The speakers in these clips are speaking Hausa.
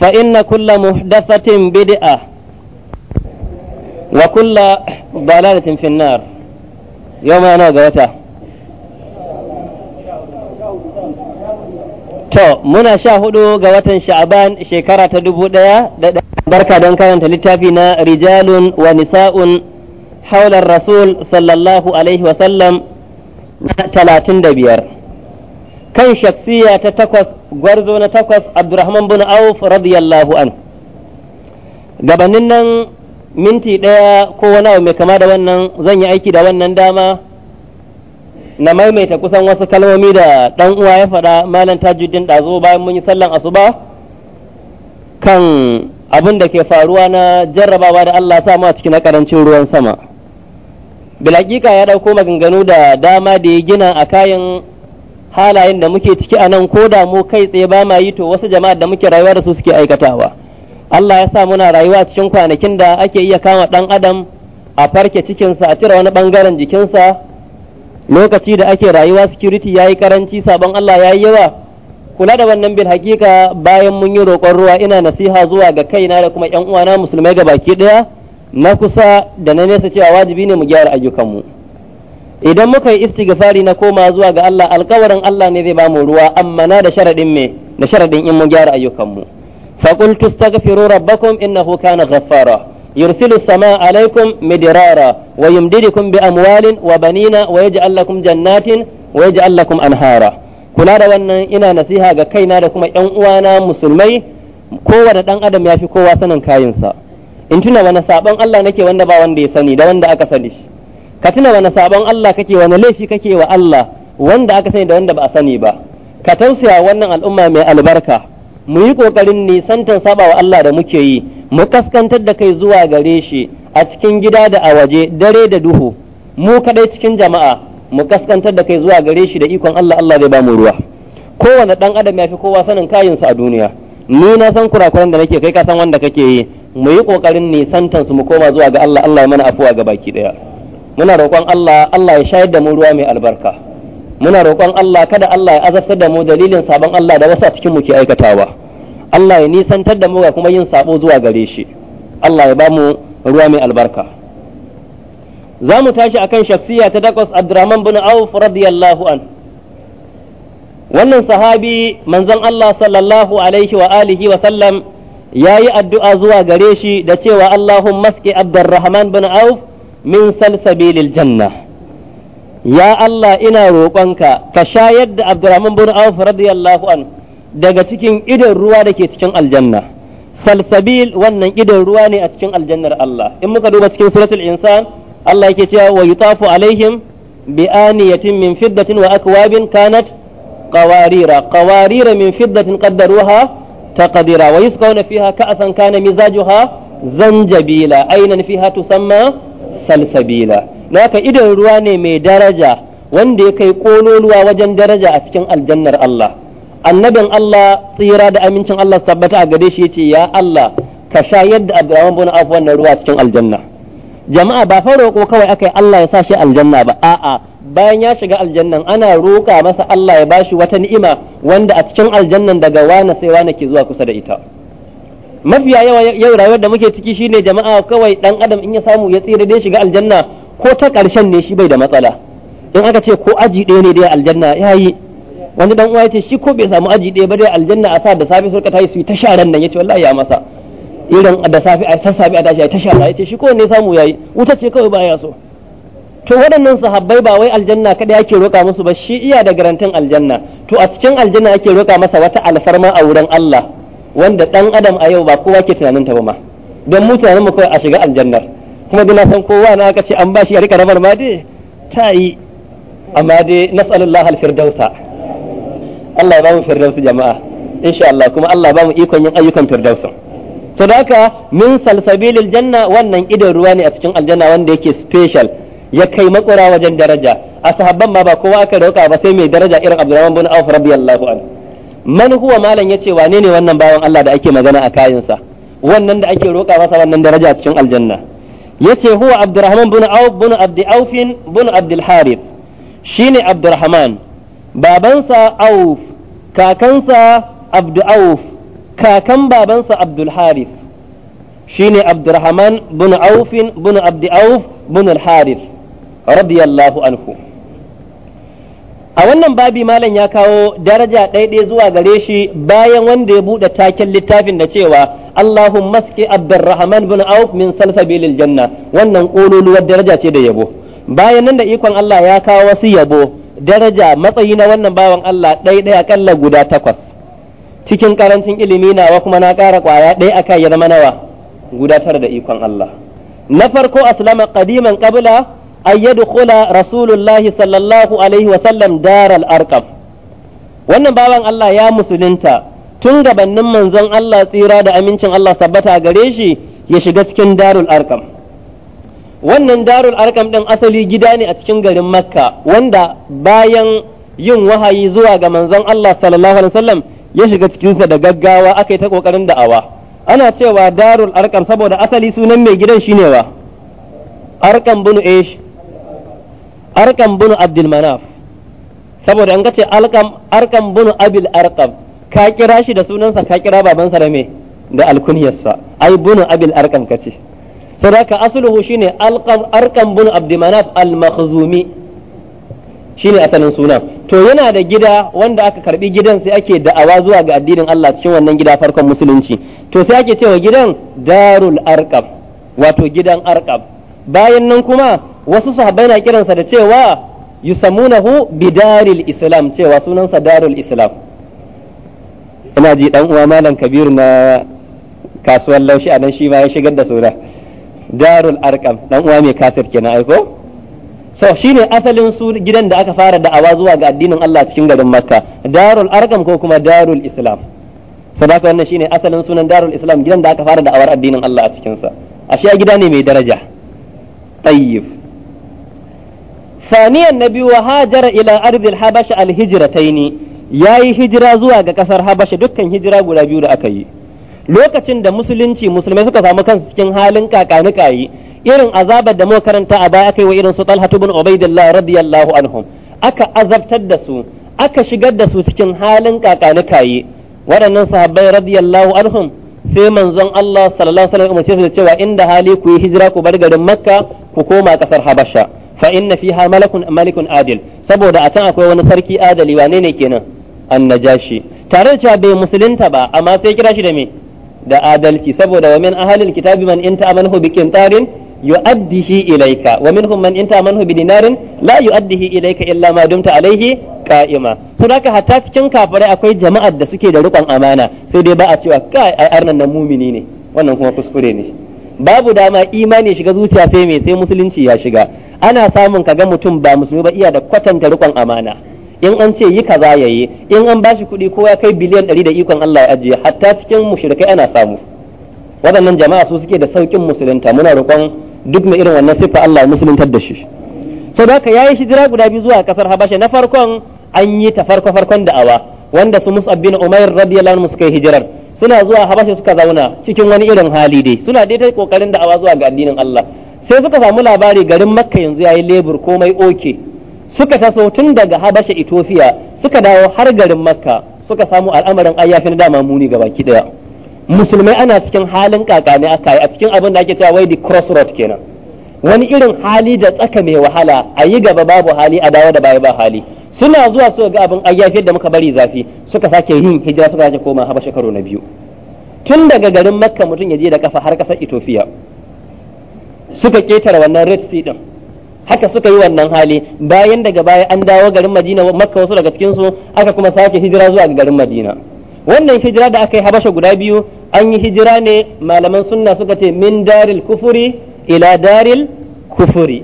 فإن كل محدثة بدعة وكل ضلالة في النار يوم أنا قوته To, muna sha hudu ga watan Sha'aban shekara ta dubu ɗaya da barka don karanta littafi na rijalun wa nisa'un haular rasul sallallahu na talatin da biyar. kan shaksiya ta takwas gwarzo na takwas abdurrahman bin auf radiyallahu an gabanin nan minti ɗaya ko wani abu mai kama da wannan zan yi aiki da wannan dama na maimaita kusan wasu kalmomi da ɗan uwa ya faɗa malam tajuddin ɗazu bayan mun yi sallan asuba kan abin da ke faruwa na jarrabawa da Allah sa mu a na karancin ruwan sama bilakika ya ɗauko maganganu da dama da ya gina a kayan halayen da muke ciki a nan ko da mu kai tsaye ba ma yi to wasu jama'a da muke rayuwa da su suke aikatawa Allah ya sa muna rayuwa cikin kwanakin da ake iya kama ɗan adam a farke cikinsa a cire wani bangaren jikinsa lokaci da ake rayuwa security ya yi karanci sabon Allah ya yi yawa kula da wannan bil hakika bayan mun yi roƙon ruwa ina nasiha zuwa ga kaina da kuma ƴan uwana musulmai ga baki ɗaya na kusa da na nesa cewa wajibi ne mu gyara ayyukanmu idan muka yi istighfari na koma zuwa ga Allah alkawarin Allah ne zai bamu ruwa amma na da sharadin me da sharadin in mu gyara ayyukanmu fa qultu astaghfiru rabbakum innahu kana ghaffara yursilu samaa alaykum midrara wa yumdidukum bi amwalin wa banina wa yaj'al lakum jannatin wa yaj'al lakum anhara kula da wannan ina nasiha ga kaina da kuma ƴan uwana musulmai kowane dan adam ya fi kowa sanin kayinsa in tuna wani sabon Allah nake wanda ba wanda ya sani da wanda aka sani shi ka tuna wani sabon Allah kake wani laifi kake wa Allah wanda aka sani da wanda ba a sani ba ka tausaya wannan al'umma mai albarka mu yi kokarin nisantan saba wa Allah da muke yi mu kaskantar da kai zuwa gare shi a cikin gida da a waje dare da duhu mu kadai cikin jama'a mu kaskantar da kai zuwa gare shi da ikon Allah Allah zai ba mu ruwa kowane dan adam ya fi kowa sanin sa a duniya ni na san kurakuran da nake kai ka san wanda kake yi mu yi kokarin nisantan su mu koma zuwa ga Allah Allah ya mana afuwa ga baki daya muna roƙon Allah Allah ya shayar da mu ruwa mai albarka muna roƙon Allah kada Allah ya azabtar da mu dalilin sabon Allah da wasu a cikin mu ke aikatawa Allah ya nisantar da mu ga kuma yin sabo zuwa gare shi Allah ya ba mu ruwa mai albarka za mu tashi akan shafsiya ta takwas Abdurrahman bin Auf radiyallahu an wannan sahabi manzon Allah sallallahu alaihi wa alihi wa sallam yayi addu'a zuwa gare shi da cewa Allahumma maski Abdurrahman bin Auf min salsabilil janna ya Allah ina roƙonka ka shayar da Abdurrahman bin Auf radiyallahu an daga cikin idan ruwa da ke cikin aljanna salsabil wannan idan ruwa ne a cikin aljannar Allah in muka duba cikin suratul insan Allah yake cewa wa yutafu alaihim bi aniyatin min fiddatin wa akwabin kanat qawarira qawarira min fiddatin qaddaruha taqdira wa yusqawna fiha ka'san kana mizajuha zanjabila aynan fiha tusamma salsabila naka idan ruwa ne mai daraja wanda ya kai kololuwa wajen daraja a cikin aljannar Allah annabin Allah tsira da amincin Allah sabbata a gare shi yace ya Allah ka sha yadda Abraham bin Auf wannan ruwa cikin aljanna jama'a ba fa roƙo kawai akai Allah ya sa shi aljanna ba a'a bayan ya shiga aljannan ana roƙa masa Allah ya bashi wata ni'ima wanda a cikin aljannan daga wane sai wane ke zuwa kusa da ita mafiya yawa yau rayuwar da muke ciki shine jama'a kawai dan adam in ya samu ya tsira dai shiga aljanna ko ta karshen ne shi bai da matsala in aka ce ko aji ɗaya ne dai aljanna yayi wani dan uwa yace shi ko bai samu aji ɗaya ba dai aljanna a sa da safe sai ka tayi su yi ta sharan nan yace wallahi ya masa irin da safe a sassafe a tashi a ta shara yace shi ko ne samu yayi wuta ce kawai baya so to waɗannan sahabbai ba wai aljanna kada yake roƙa musu ba shi iya da garantin aljanna to a cikin aljanna yake roƙa masa wata alfarma a wurin Allah wanda ɗan adam a yau ba kowa ke tunanin ta ba ma don tunanin mu kawai a shiga aljannar kuma dina san kowa na aka ce an bashi ya rika rabar ma dai ta yi amma dai nas'alullah al-firdausa Allah ya ba mu firdausu jama'a insha Allah kuma Allah ba mu ikon yin ayyukan firdausu to da haka min salsabilil janna wannan idan ruwa ne a cikin aljanna wanda yake special ya kai makura wajen daraja a sahabban ma ba kowa aka dauka ba sai mai daraja irin Abdurrahman bin Auf radiyallahu anhu man huwa malam ce wane ne wannan bawan Allah da ake magana a kayansa wannan da ake roƙa masa wannan daraja a cikin aljanna ya ce huwa Abdurrahman bin Auf bin Abd Auf bin Abd Harith shine Abdurrahman babansa Auf kakansa Abd Auf kakan babansa Abdul Harith shine Abdurrahman bin Auf bin abdi Auf bin Al Harith radiyallahu anhu a wannan babi malam ya kawo daraja ɗaiɗai zuwa gare shi bayan wanda ya buɗe taken littafin da cewa Allahumma ski Abdurrahman bin Auf min salsabilil janna wannan ƙololuwar daraja ce da yabo bayan nan da ikon Allah ya kawo wasu yabo daraja matsayi na wannan bawan Allah ɗaiɗai akalla guda takwas cikin karancin ilimi nawa kuma na ƙara ƙwaya ɗaya akai ya zama nawa guda tara da ikon Allah na farko aslama qadiman qabla ayyadu Khula rasulullahi sallallahu alaihi wa sallam daral arqam wannan baban Allah ya musulunta tun gabannin manzon Allah tsira da amincin Allah sabbata gare shi ya shiga cikin darul arqam wannan darul arqam din asali gida ne a cikin garin makka wanda bayan yin wahayi zuwa ga manzon Allah sallallahu alaihi wasallam ya shiga cikinsa da gaggawa aka yi ta ƙoƙarin da'awa ana cewa darul arqam saboda asali sunan mai gidan shine wa arqam bin ish arkam bin abdul manaf saboda an gace alkam arkam bin abil arkam ka kira shi da sunansa ka kira babansa da me da alkunyarsa ai bin abil arkam kace saboda asluhu shine arkam bin abdul manaf al makhzumi shine asalin suna to yana da gida wanda aka karbi gidan sai ake da'awa zuwa ga addinin Allah cikin wannan gida farkon musulunci to sai ake cewa gidan darul arkam wato gidan arkam bayan nan kuma wasu sahabbai na kiransa da cewa yusamunahu bidaril islam cewa sunansa darul islam ina ji dan uwa malam kabir na kasuwar laushi a nan shi ma ya shigar da suna darul arkam dan uwa mai kasir kenan aiko so shine asalin su gidan da aka fara da'awa zuwa ga addinin Allah cikin garin makka darul arkam ko kuma darul islam sadaka wannan shine asalin sunan darul islam gidan da aka fara da'awar addinin Allah a cikin sa ashe gida ne mai daraja tayyib saniyan na biyu hajara ila ardil habasha al hijrataini yayi hijira zuwa ga kasar habasha dukkan hijira guda biyu da aka yi lokacin da musulunci musulmai suka samu kansu cikin halin kakani irin azabar da muka karanta a baya yi wa irin su Talha ibn Ubaidillah radiyallahu anhum aka azabtar da su aka shigar da su cikin halin kakani waɗannan sahabbai radiyallahu anhum sai manzon Allah sallallahu alaihi wasallam umarce su da cewa inda hali ku yi hijira ku bar garin Makka ku koma kasar Habasha fa inna fiha malakun malikun adil saboda a can akwai wani sarki adali wane ne kenan annajashi tare da cewa bai musulunta ba amma sai kira shi da da adalci saboda wa min kitabi man in ta'amanhu bi qintarin yu'addihi ilayka wa minhum man in ta'amanhu bi dinarin la yu'addihi ilayka illa ma dumta alayhi qa'ima to haka hatta cikin kafirai akwai jama'ar da suke da rukun amana sai dai ba a cewa kai arnan nan mumini ne wannan kuma kuskure ne babu dama imani shiga zuciya sai me sai musulunci ya shiga ana samun kaga mutum ba musulmi ba iya da kwatanta rikon amana in an ce yi kaza yayi in an bashi kuɗi ko ya kai biliyan ɗari da ikon Allah ya ajiye hatta cikin mushrikai ana samu waɗannan jama'a su suke da saukin musulunta muna rikon duk mai irin wannan siffa Allah musuluntar da shi sau da haka yayi hijira guda biyu zuwa kasar Habasha na farkon an yi ta farko farkon da'awa wanda su Mus'ab bin Umair radiyallahu anhu suka yi hijirar suna zuwa Habasha suka zauna cikin wani irin hali dai suna dai ta kokarin da'awa zuwa ga addinin Allah sai suka samu labari garin makka yanzu yayi lebur komai oke suka taso tun daga habasha itofiya suka dawo har garin makka suka samu al'amarin ayyafi na dama muni gabaki daya musulmai ana cikin halin kakane aka yi a cikin abin da ake cewa wai the crossroad kenan wani irin hali da tsaka mai wahala a yi gaba babu hali a dawo da baya ba hali suna zuwa su ga abin ayyafi da muka bari zafi suka sake yin hijira suka sake koma habasha karo na biyu tun daga garin makka mutum ya je da kafa har kasar itofiya suka ketare wannan red sea din haka suka yi wannan hali bayan daga baya an dawo garin madina makka wasu daga cikin su aka kuma sake hijira zuwa garin madina wannan hijira da aka yi habasha guda biyu an yi hijira ne malaman sunna suka ce min daril kufuri ila daril kufuri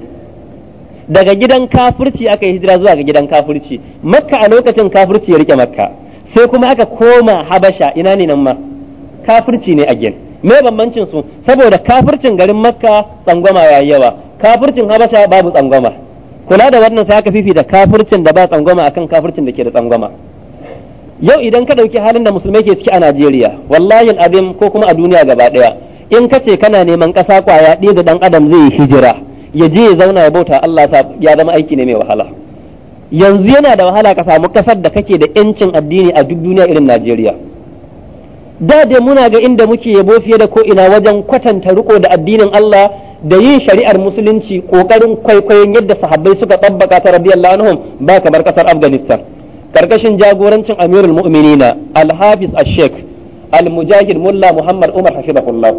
daga gidan kafirci aka yi hijira zuwa ga gidan kafirci makka a lokacin kafirci ya rike makka sai kuma aka koma habasha ina ne nan ma kafirci ne a gin Mai bambancin su saboda kafircin garin makka tsangwama ya yi yawa kafircin habasha babu tsangwama kula da wannan sai aka fifita kafircin da ba tsangwama akan kafircin da ke da tsangwama yau idan ka ɗauki halin da musulmai ke ciki a Najeriya wallahi abin ko kuma a duniya gaba daya in ka ce kana neman ƙasa kwaya ɗaya da dan adam zai hijira ya je ya zauna ya bauta Allah ya zama aiki ne mai wahala yanzu yana da wahala ka samu ƙasar da kake da 'yancin addini a duk duniya irin Najeriya da da muna ga inda muke yabo fiye da ko ina wajen kwatanta riko da addinin Allah da yin shari'ar musulunci ƙoƙarin kwaikwayon yadda sahabbai suka tabbaka ta radiyallahu anhum ba kamar kasar Afghanistan karkashin jagorancin Amirul Mu'minina Al-Hafiz Ash-Sheikh Al-Mujahid Mulla Muhammad Umar Hafizahullah.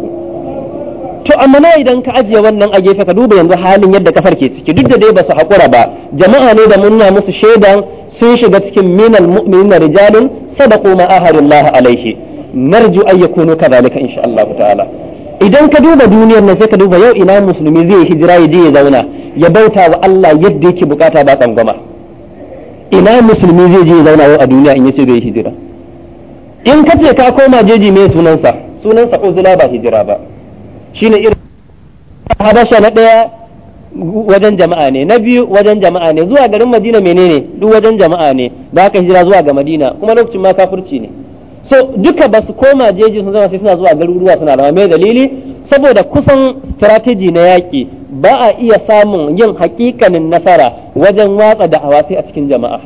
to amma na idan ka ajiye wannan a gefe ka duba yanzu halin yadda kasar ke ciki duk da dai ba su haƙura ba jama'a ne da munna musu shaidan sun shiga cikin minal mu'minina rijalun sadaqu ma alaihi narju an yakunu kadhalika insha Allah ta'ala idan ka duba duniyar nan sai ka duba yau ina musulmi zai hijira ya je ya zauna ya bauta wa Allah yadda yake bukata ba tsangwama ina musulmi zai je ya zauna yau a duniya in yace zai hijira in ka ce ka koma jeji me sunansa sunansa uzula ba hijira ba shine irin habasha na daya wajen jama'a ne na biyu wajen jama'a ne zuwa garin madina menene duk wajen jama'a ne da aka hijira zuwa ga madina kuma lokacin ma kafirci ne so duka ba su koma jeji sun zama sai suna zuwa garuruwa suna zama mai dalili saboda kusan strategy na yaƙi ba a iya samun yin hakikanin nasara wajen watsa da'awa a cikin jama'a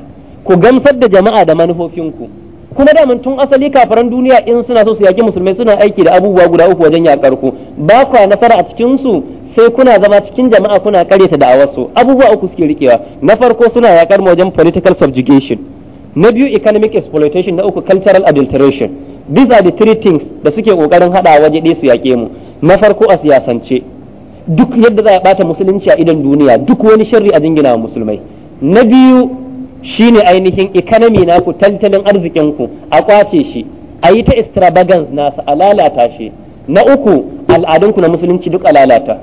ku gamsar da jama'a da manufofinku kuma da tun asali kafaran duniya in suna so su yaƙi musulmai suna aiki da abubuwa guda uku wajen yaƙar ku ba nasara a cikin su sai kuna zama cikin jama'a kuna karyata a wasu abubuwa uku suke rikewa na farko suna yaƙar mu wajen political subjugation na biyu economic exploitation na uku cultural adulteration these are the three things da suke kokarin hada waje ɗaya su yaƙe mu na farko a siyasance duk yadda za a bata musulunci a idan duniya duk wani sharri a jingina musulmai na biyu shine ainihin economy na ku, tattalin arzikin ku a kwace shi a yi ta extravagance nasa a lalata shi na uku al'adun ku na musulunci duk a lalata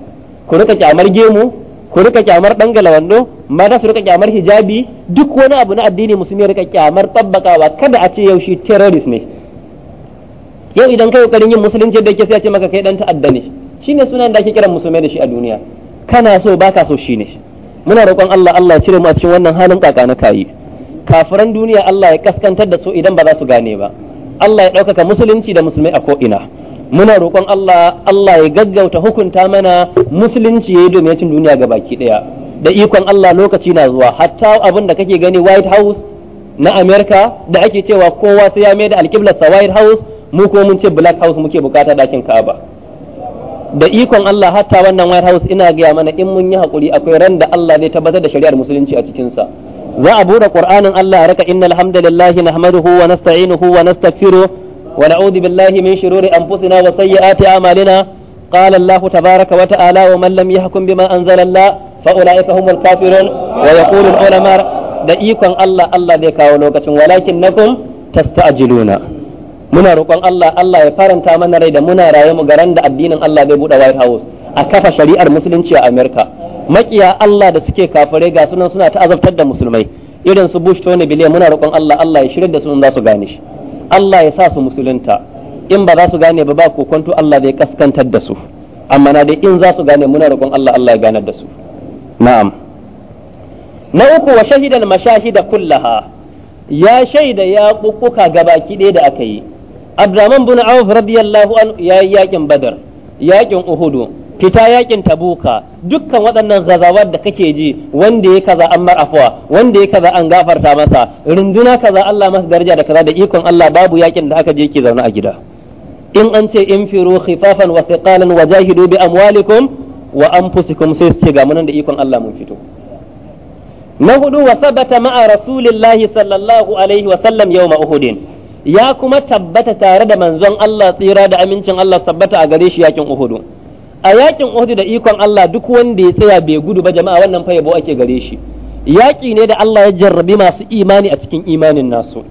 ku rika kyamar gemu ku rika kyamar dan galawando mata su rika kyamar hijabi duk wani abu na addini musulmi rika kyamar tabbakawa kada a ce yaushe shi terrorist ne yau idan kai kokarin yin musulunci da yake sai a ce maka kai dan ta'adda ne shine sunan da ake kiran musulmai da shi a duniya kana so baka so shine muna roƙon Allah Allah ya cire mu a cikin wannan halin kaka na kayi kafiran duniya Allah ya kaskantar da su idan ba za su gane ba Allah ya ɗaukaka musulunci da musulmai a ko'ina. ina muna roƙon Allah Allah ya gaggauta hukunta mana musulunci yi domin cin duniya ga baki ɗaya da ikon Allah lokaci na zuwa hatta abin da kake gani White House na America da ake cewa kowa sai ya mai da alƙiblar sa White House mu ko mun ce Black House muke bukata dakin kaba. da ikon Allah hatta wannan White House ina gaya mana in mun yi hakuri akwai ran da Allah zai tabbatar da shari'ar musulunci a cikin sa za a buɗe ƙur'anin Allah raka innal hamdalillahi nahmaduhu wa nasta'inuhu wa nastaghfiruh ونعوذ بالله من شرور أنفسنا وسيئات أعمالنا قال الله تبارك وتعالى ومن لم يحكم بما أنزل الله فأولئك هم الكافرون ويقول العلماء دقيقا الله الله ذيك ولوكة ولكنكم تستعجلون muna roƙon Allah Allah ya faranta mana rai da muna raye mu garan da addinin Allah zai buɗe White House a kafa shari'ar musulunci a Amurka. makiya Allah da suke kafare ga sunan suna ta azabtar da musulmai irin su Bush Tony Blair muna roƙon Allah Allah ya shirya da sunan za su gane shi Allah ya sa su musulunta in ba za su gane ba ba kokonto Allah zai kaskantar da su amma na dai in za su gane muna roƙon Allah Allah ya ganar da su na'am na uku wa shahidan mashahida kullaha ya shaida ya kukkuka gabaki ɗaya da aka yi Abdurrahman bin Auf radiyallahu an ya yakin Badar yakin uhudu. fita yakin tabuka dukkan waɗannan zazawar da kake ji wanda ya kaza an marafuwa wanda ya kaza an gafarta masa runduna kaza Allah masa daraja da kaza da ikon Allah babu yakin da aka je ki zauna a gida in an ce in firu khifafan wa thiqalan wa jahidu bi amwalikum wa anfusikum sai ce ga munan da ikon Allah mun fito na hudu wa sabata ma'a rasulillahi sallallahu alaihi wa sallam yawma uhudin ya kuma tabbata tare da manzon Allah tsira da amincin Allah sabbata a gare shi yakin uhudu a yakin Uhud da ikon Allah duk wanda ya tsaya bai gudu ba jama'a wannan fa yabo ake gare shi yaki ne da Allah ya jarrabi masu imani a cikin imanin nasu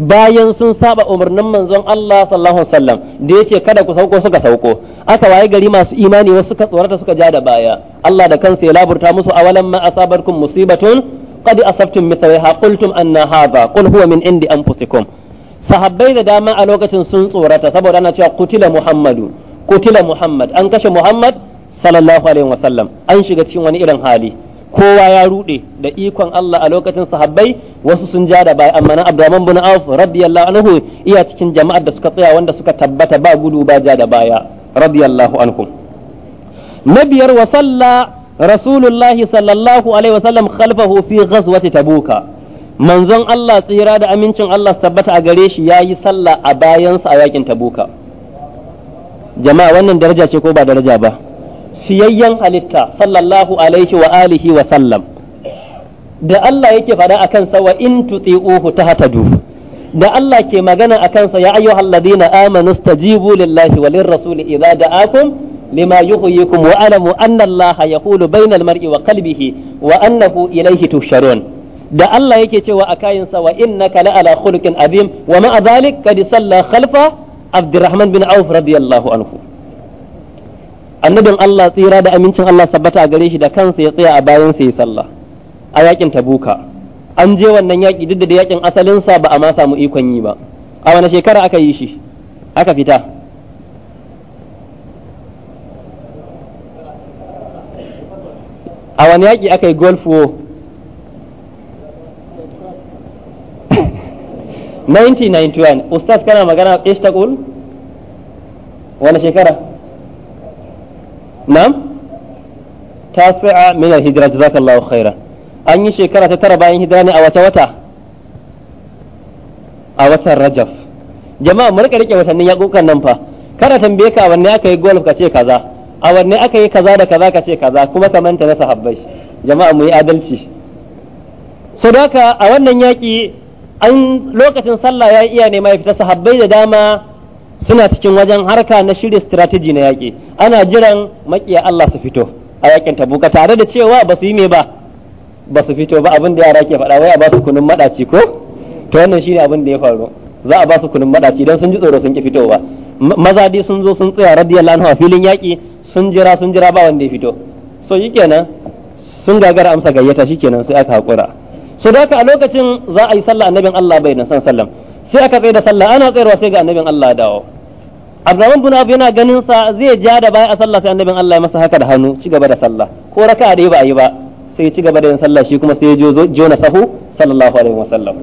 bayan sun saba umarnin manzon Allah sallallahu alaihi wasallam da yace kada ku sauko suka sauko aka waye gari masu imani wasu suka tsorata suka ja da baya Allah da kansa ya laburta musu awalan ma asabarkum musibatun qad asabtum mithlaha qultum anna hadha qul huwa min indi anfusikum sahabbai da dama a lokacin sun tsorata saboda ana cewa kutila muhammadu kutila muhammad an kashe muhammad sallallahu alaihi wasallam an shiga cikin wani irin hali kowa ya rude da ikon Allah a lokacin sahabbai wasu sun ja da baya amma na Abdurrahman bin Auf radiyallahu anhu iya cikin jama'ar da suka tsaya wanda suka tabbata ba gudu ba ja da baya radiyallahu anhum na biyar wa salla rasulullahi sallallahu alaihi wasallam khalfahu fi ghazwati tabuka manzon Allah tsira da amincin Allah tabbata a gare shi yayi sallah a bayansa a yakin tabuka jama'a wannan daraja ce ko ba daraja ba fiyayyen halitta sallallahu alaihi wa alihi wa sallam da Allah yake faɗa a kansa wa in tuti'uhu tahtadu da Allah ke magana a kansa ya ayyuhal ladina amanu stajibu lillahi wa lirrasul idza da'akum lima yuhyikum wa alamu anna Allah yaqulu bainal mar'i wa qalbihi wa annahu ilayhi tusharun da Allah yake cewa a kayinsa wa innaka la ala khuluqin abin wa ma'a dhalik qad salla khalfa abdurrahman bin auf radiyallahu anhu annabin Allah tsira da amincin Allah sabbata a gare shi da kansa ya tsaya a bayan sa ya sallah a yakin tabuka an je wannan yaki duk da yakin asalin sa ba a ma samu ikon yi ba a wani shekara aka yi shi aka fita a wani yaki aka yi golf war 1991 ustaz kana magana istaqul wani shekara na'am tasi'a min al hijira, jazakallahu khaira an yi shekara ta tara bayan hijira ne a wata wata a watan rajaf jama'a mu rika rike watannin yakukan nan fa kada tambaye ka wanne aka yi golf ka ce kaza a wanne aka yi kaza da kaza ka ce kaza kuma ka manta na sahabbai jama'a mu yi adalci sadaka a wannan yaki an lokacin sallah ya iya nema ya fita sahabbai da dama suna cikin wajen harka na shirya strategy na yaƙi ana jiran makiya Allah su fito a yakin tabuka tare da cewa ba su yi me ba ba su fito ba abin da yara ke faɗa wai a ba su kunun madaci ko to wannan shine abin da ya faru za a ba su kunun madaci don sun ji tsoro sun ki fitowa maza dai sun zo sun tsaya radiyallahu anhu a filin yaƙi sun jira sun jira ba wanda ya fito so kenan sun gagara amsa gayyata shikenan sai aka haƙura so da haka a lokacin za a yi sallah annabin Allah bai nan san sallam sai aka tsaye da sallah ana tsayarwa sai ga annabin Allah ya dawo Abdurrahman bin Abu yana ganin sa zai ja da baya a sallah sai annabin Allah ya masa haka da hannu ci gaba da sallah ko raka'a dai ba a yi ba sai ci gaba da yin sallah shi kuma sai ya jo jona sahu sallallahu alaihi wasallam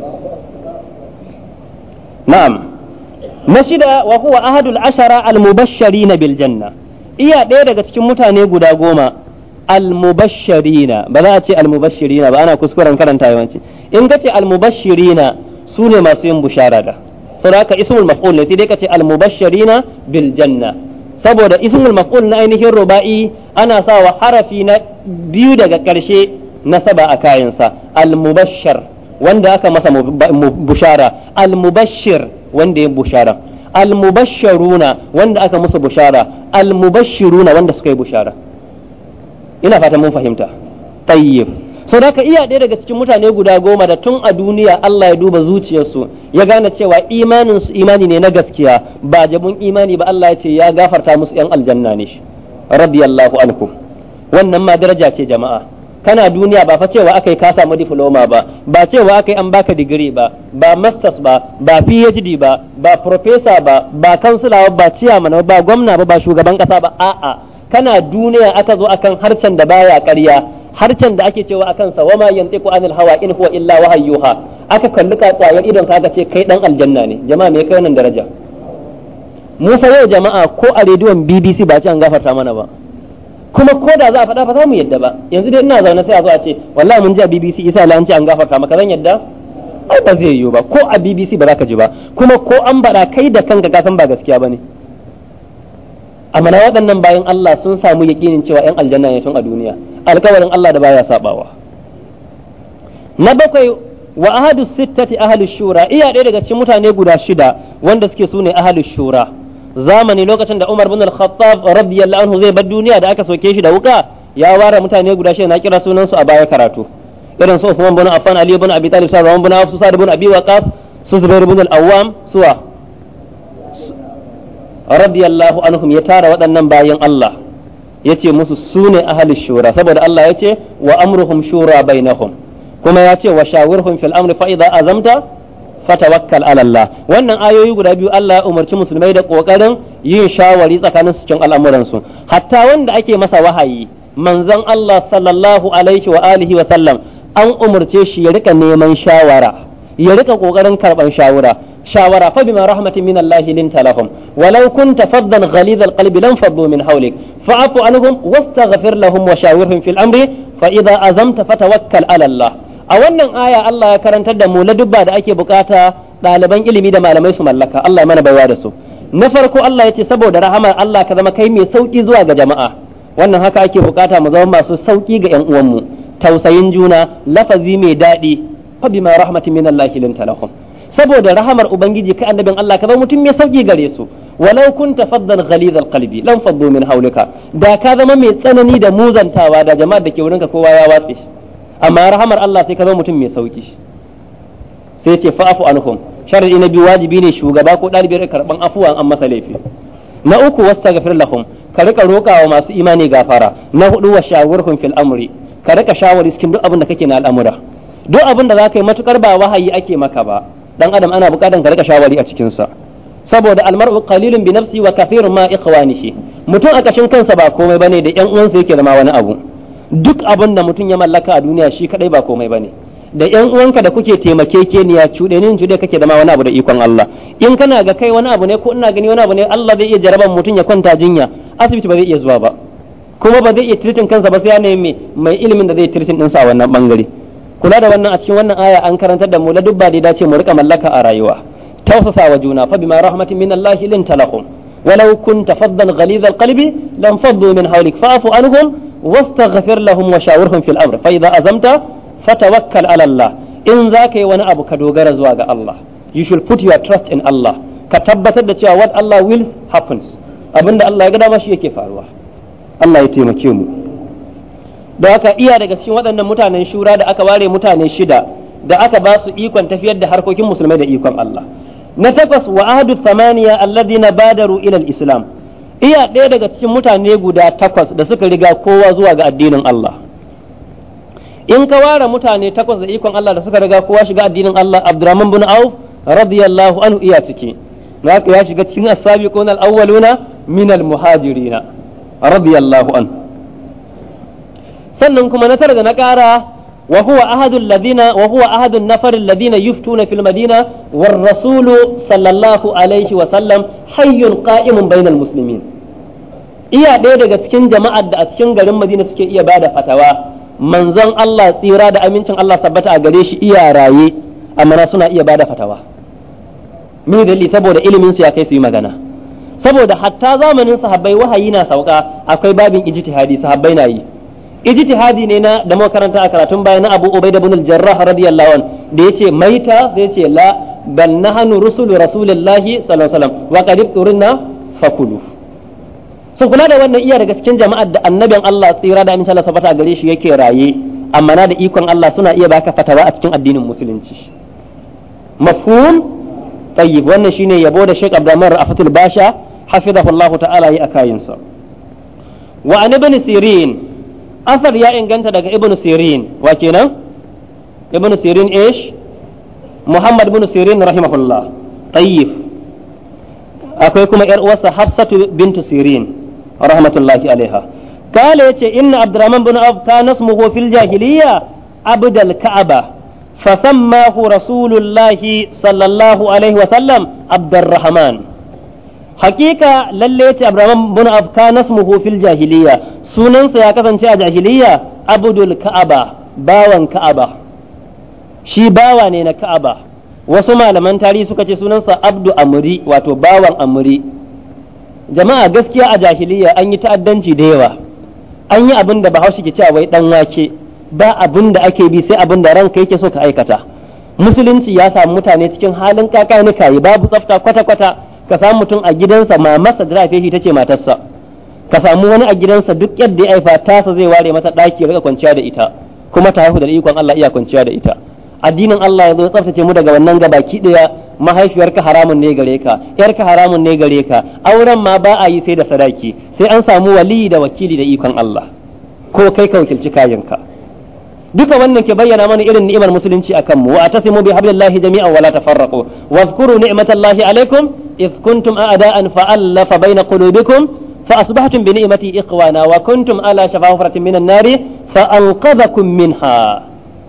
na'am na shida wa huwa ahadul ashara al mubashshirin bil janna iya ɗaya daga cikin mutane guda goma almubashirina ba za a ce almubashirina ba ana kuskuren karanta yawanci in ka ce almubashirina su ne masu yin bushara da saboda haka ismul maf'ul ne sai dai ka ce almubashirina bil janna saboda ismul maf'ul na ainihin ruba'i ana sawa harafi na biyu daga karshe nasaba a kayansa almubashir wanda aka masa bushara almubashir wanda ya bushara almubashiruna wanda aka musu bushara almubashiruna wanda suka yi bushara ina fatan mun fahimta tayyib so da ka iya ɗaya daga cikin mutane guda goma da tun a duniya Allah ya duba zuciyarsu ya gane cewa imanin su imani ne na gaskiya ba jabun imani ba Allah ya ce ya gafarta musu yan aljanna ne radiyallahu anhu wannan ma daraja ce jama'a kana duniya ba fa cewa akai ka samu diploma ba ba cewa akai an baka digiri ba ba masters ba ba PhD ba ba professor ba ba kansulawa ba ba chairman ba gwamnati gwamna ba ba shugaban kasa ba a'a kana duniya aka zo akan harshen da baya ƙarya harshen da ake cewa akan sa wama yantiqu anil hawa in huwa illa wahayyuha aka kalli ka tsayar idon ka ce kai dan aljanna ne jama'a me kai wannan daraja mu fa yau jama'a ko a rediyon BBC ba ci an gafarta mana ba kuma ko da za a faɗa fa za mu yadda ba yanzu dai ina zaune sai a zo a ce wallahi mun ji a BBC isa la an ce an gafarta maka zan yadda ai ba zai yiwu ba ko a BBC ba za ka ji ba kuma ko an baɗa kai da kanka ka san ba gaskiya ba ne amma waɗannan bayan Allah sun samu yaƙinin cewa 'yan aljanna ne tun a duniya alkawarin Allah da baya sabawa na bakwai wa ahadu sittati ahalu shura iya ɗaya daga cikin mutane guda shida wanda suke su ne ahlu shura zamani lokacin da Umar bin Al-Khattab radiyallahu anhu zai bar duniya da aka soke shi da wuka ya ware mutane guda shida na kira sunan su a baya karatu irin su Uthman bin Affan Ali bin Abi Talib Sa'd bin Abi bin Abi Waqqas su Zubair bin Al-Awwam suwa radiyallahu anhum ya tara waɗannan bayan Allah yace musu sune ahli shura saboda Allah ce wa amruhum shura bainahum kuma ya ce wa shawirhum fil amri fa idza azamta fatawakkal ala Allah wannan ayoyi guda biyu Allah ya umarci musulmai da kokarin yin shawari tsakanin su cikin al'amuran su hatta wanda ake masa wahayi manzon Allah sallallahu alaihi wa alihi wa sallam an umarce shi ya rika neman shawara ya rika kokarin karban shawara shawara fa bima rahmatin min Allah linta lahum walau kunta faddan ghalidha alqalbi lam faddu min hawlik fa'fu anhum wastaghfir lahum wa shawirhum fil amri fa azamta fata ala alallah, a wannan aya Allah ya karantar da mu ladubba da ake bukata ɗaliban ilimi da malamai su mallaka Allah mana baiwa da su na farko Allah ya ce saboda rahamar Allah ka zama kai mai sauki zuwa ga jama'a wannan haka ake bukata mu zama masu sauki ga yan uwanmu tausayin juna lafazi mai daɗi fa bima rahmatin min Allah linta lahum saboda rahamar ubangiji kai annabin Allah ka zo mutum mai sauki gare su walau kunta faddan ghaliz alqalbi lan faddu min hawlika da ka zama mai tsanani da muzantawa da jama'ar da ke wurinka kowa ya watse amma rahamar Allah sai ka zama mutum mai sauki sai ce fa'afu anhum sharadi na biyu wajibi ne shugaba ko ɗalibiyar karban afuwan an masa laifi na uku wastaghfir lahum ka rika rokawa masu imani gafara na hudu wa shawurhum fil amri ka rika shawari cikin duk abin da kake na al'amura duk abin da zaka yi matukar ba wahayi ake maka ba dan adam ana bukatan ka rika shawari a cikin sa saboda almar'u qalilun bi nafsi wa kathirun ma ikhwanihi mutum a kashin kansa ba komai bane da yan uwansa yake zama wani abu duk abin da mutum ya mallaka a duniya shi kadai ba komai bane da yan uwanka da kuke taimakekeniya cuɗenin cuɗe kake zama wani abu da ikon Allah in kana ga kai wani abu ne ko ina gani wani abu ne Allah zai iya jaraban mutum ya kwanta jinya asibiti ba zai iya zuwa ba kuma ba zai iya tirtin kansa ba sai ya nemi mai ilimin da zai tirtin ɗinsa a wannan bangare kula da wannan a cikin wannan aya an karantar da mu la dubba da dace mu rika mallaka a rayuwa tausasa wa juna fa bima rahmatin min Allah lin talakum walau kunta faddan ghaliz alqalbi lam faddu min hawlik fa'fu anhum wastaghfir lahum wa shawirhum fil amr fa idza azamta fata ala Allah in zaka yi wani abu ka dogara zuwa ga Allah you should put your trust in Allah ka tabbatar da cewa what Allah will happens abinda Allah ya ga dama shi yake faruwa Allah ya taimake mu da aka iya daga cikin waɗannan mutanen shura da aka ware mutane shida da aka ba su ikon tafiyar da harkokin musulmai da ikon Allah na takwas wa ahadu thamaniya alladhina badaru ila islam iya ɗaya daga cikin mutane guda takwas da suka riga kowa zuwa ga addinin Allah in ka ware mutane takwas da ikon Allah da suka riga kowa shiga addinin Allah Abdurrahman bin Auf radiyallahu anhu iya ciki ya shiga cikin as-sabiquna al-awwaluna minal al-muhajirina radiyallahu anhu sannan kuma na tara da na ƙara wa huwa ahadul ladina wa huwa ahadun nafar ladina yuftuna fil madina war rasulu sallallahu alaihi wa sallam hayyun qa'imun bainal muslimin iya ɗaya daga cikin jama'ar da a cikin garin madina suke iya bada fatawa manzon Allah tsira da amincin Allah sabbata a gare shi iya raye amma suna iya bada fatawa me dalili saboda ilimin su ya kai su yi magana saboda hatta zamanin sahabbai wahayi na sauka akwai babin ijtihadi sahabbai na yi ijtihadi ne na da makaranta a karatun baya na Abu Ubaida ibn al-Jarrah radiyallahu an da yace maita sai yace la bal nahnu rusulu rasulillahi sallallahu alaihi wasallam wa qad turna fakulu sun kula da wannan iya daga cikin jama'ar da annabin Allah tsira da amincin Allah sabata gare shi yake raye amma na da ikon Allah suna iya baka fatawa a cikin addinin musulunci mafhum tayyib wannan shine yabo da Sheikh Abdurrahman Rafatul Basha hafizahullahu ta'ala yi a kayinsa wa an ibn Sirin asar ya inganta daga ibnu sirin wa kenan ibnu sirin muhammad ibnu sirin rahimahullah tayyib akwai kuma yar uwarsa hafsatu bintu sirin rahmatullahi alaiha kale yace inna abdurrahman bin auf kana jahiliya abdal ka'aba fasammahu rasulullahi sallallahu alaihi wa sallam abdurrahman hakika lalle ce Abraham bin afkanas kana ismuhu jahiliya sunansa ya kasance a jahiliya Abdul Ka'aba bawan Ka'aba shi bawa ne na Ka'aba wasu malaman tarihi suka ce sunansa Abdu Amri wato bawan Amri jama'a gaskiya a jahiliya an yi ta'addanci da yawa an yi abin da Bahaushe ke cewa wai dan wake ba abin da ake bi sai abin da ranka yake so ka aikata musulunci ya samu mutane cikin halin ni kayi babu tsafta kwata-kwata ka samu mutum a gidansa mamarsa da rafe shi ta ce matarsa ka samu wani a gidansa duk yadda ya haifa tasa zai ware masa ɗaki ya kwanciya da ita kuma ta haihu da ikon Allah iya kwanciya da ita addinin Allah ya zo tsaftace mu daga wannan gabaki daya mahaifiyarka haramun ne gare ka yarka haramun ne gare ka auren ma ba a yi sai da sadaki sai an samu waliyi da wakili da ikon Allah ko kai ka wakilci kayanka duka wannan ke bayyana mana irin ni'imar musulunci akan mu wa atasimu bi hablillahi jami'an wala tafarraqu wa zkuru ni'matallahi alaikum id kuntum a'da'an fa alafa baina qulubikum fa asbahtum bi ni'mati فأصبحتم بنعمتي إخوانا وكنتم على شفا حفرة من النار فأنقذكم منها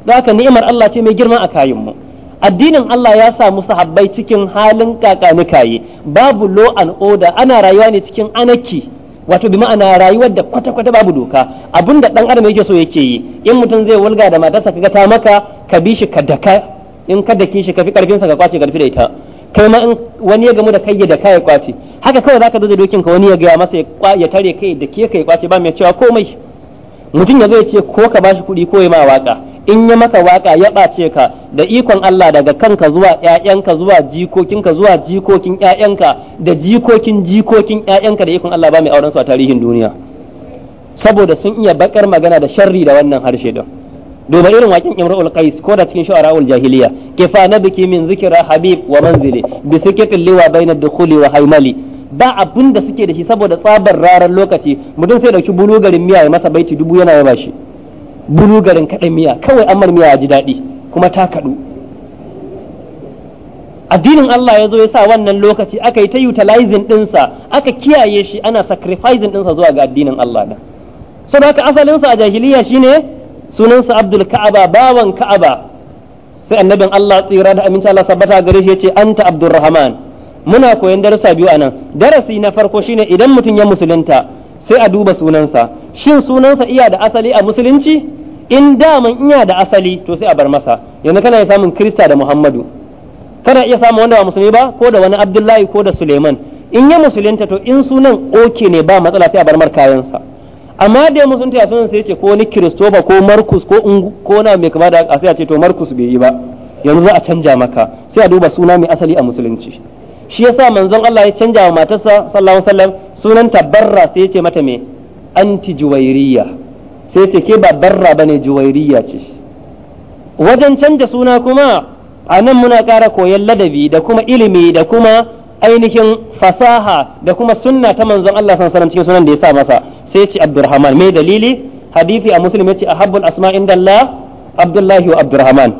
ذاك نعمة الله تيمي جرما mu addinin Allah ya samu sahabbai cikin halin kakani babu law an order ana rayuwa ne cikin anarchy wato bi ma'ana rayuwar da kwata-kwata babu doka abinda dan adam yake so yake yi in mutum zai wulga da matarsa kaga ta maka ka bi shi ka daka in ka dake shi ka fi karfin sa ka kwace karfi da ita kai ma in wani ya gamu da kai ya daka ya kwace haka kawai zaka zo da dokin ka wani ya gaya masa ya tare kai da ke kai kwace ba mai cewa komai mutum ya zai ce ko ka bashi kuɗi ko ya ma waka in ya maka waka ya ɓace ka da ikon Allah daga kanka zuwa yayanka zuwa jikokinka zuwa jikokin ‘ya’yanka da jikokin jikokin yayanka da ikon Allah ba mai auren su a tarihin duniya saboda sun iya bakar magana da sharri da wannan harshe don duba irin wakin imraul Qais ko da cikin shu'ara'ul jahiliya kifa nabiki min zikra habib wa manzili bi sikitin liwa bainad dukhuli wa haimali ba abun da suke da shi saboda tsabar raran lokaci mutum sai dauki bulu garin miya ya masa baiti dubu yana yaba shi buru garin kaɗan miya kawai amar miya ya ji daɗi kuma ta kaɗu addinin Allah ya zo ya sa wannan lokaci aka yi ta utilizing ɗinsa aka kiyaye shi ana sacrificing ɗinsa zuwa ga addinin Allah da so da haka asalinsa a jahiliya shine sunansa Abdul Ka'aba bawan Ka'aba sai annabin Allah tsira da aminci Allah sabbata gare shi ta anta Abdurrahman muna koyon darussa biyu a nan darasi na farko shine idan mutum ya musulunta sai a duba sunansa shin sunansa iya da asali a musulunci in daman iya da asali to sai a bar masa yanzu kana iya samun krista da muhammadu kana iya samun wanda ba musulmi ba ko da wani abdullahi ko da suleiman in ya musulunta to in sunan oke ne ba matsala sai a bar markayansa. kayansa amma da ya musulunta ya sunan sai ya ce ko ni kiristoba ko markus ko ko na mai kama da a sai a ce to markus bai yi ba yanzu za a canja maka sai a duba suna mai asali a musulunci shi yasa manzon Allah ya canja wa matarsa sallallahu alaihi wasallam sunan tabarra sai ya ce mata me anti juwairiya sai ta ke ba barra juwairiya ce wajen canja suna kuma a nan muna ƙara koyon ladabi da kuma ilimi da kuma ainihin fasaha da kuma sunna ta manzon Allah sallallahu alaihi cikin sunan da ya sa masa sai ce Abdurrahman mai dalili hadisi a Muslim a ahabbul asma indallah Abdullahi wa Abdurrahman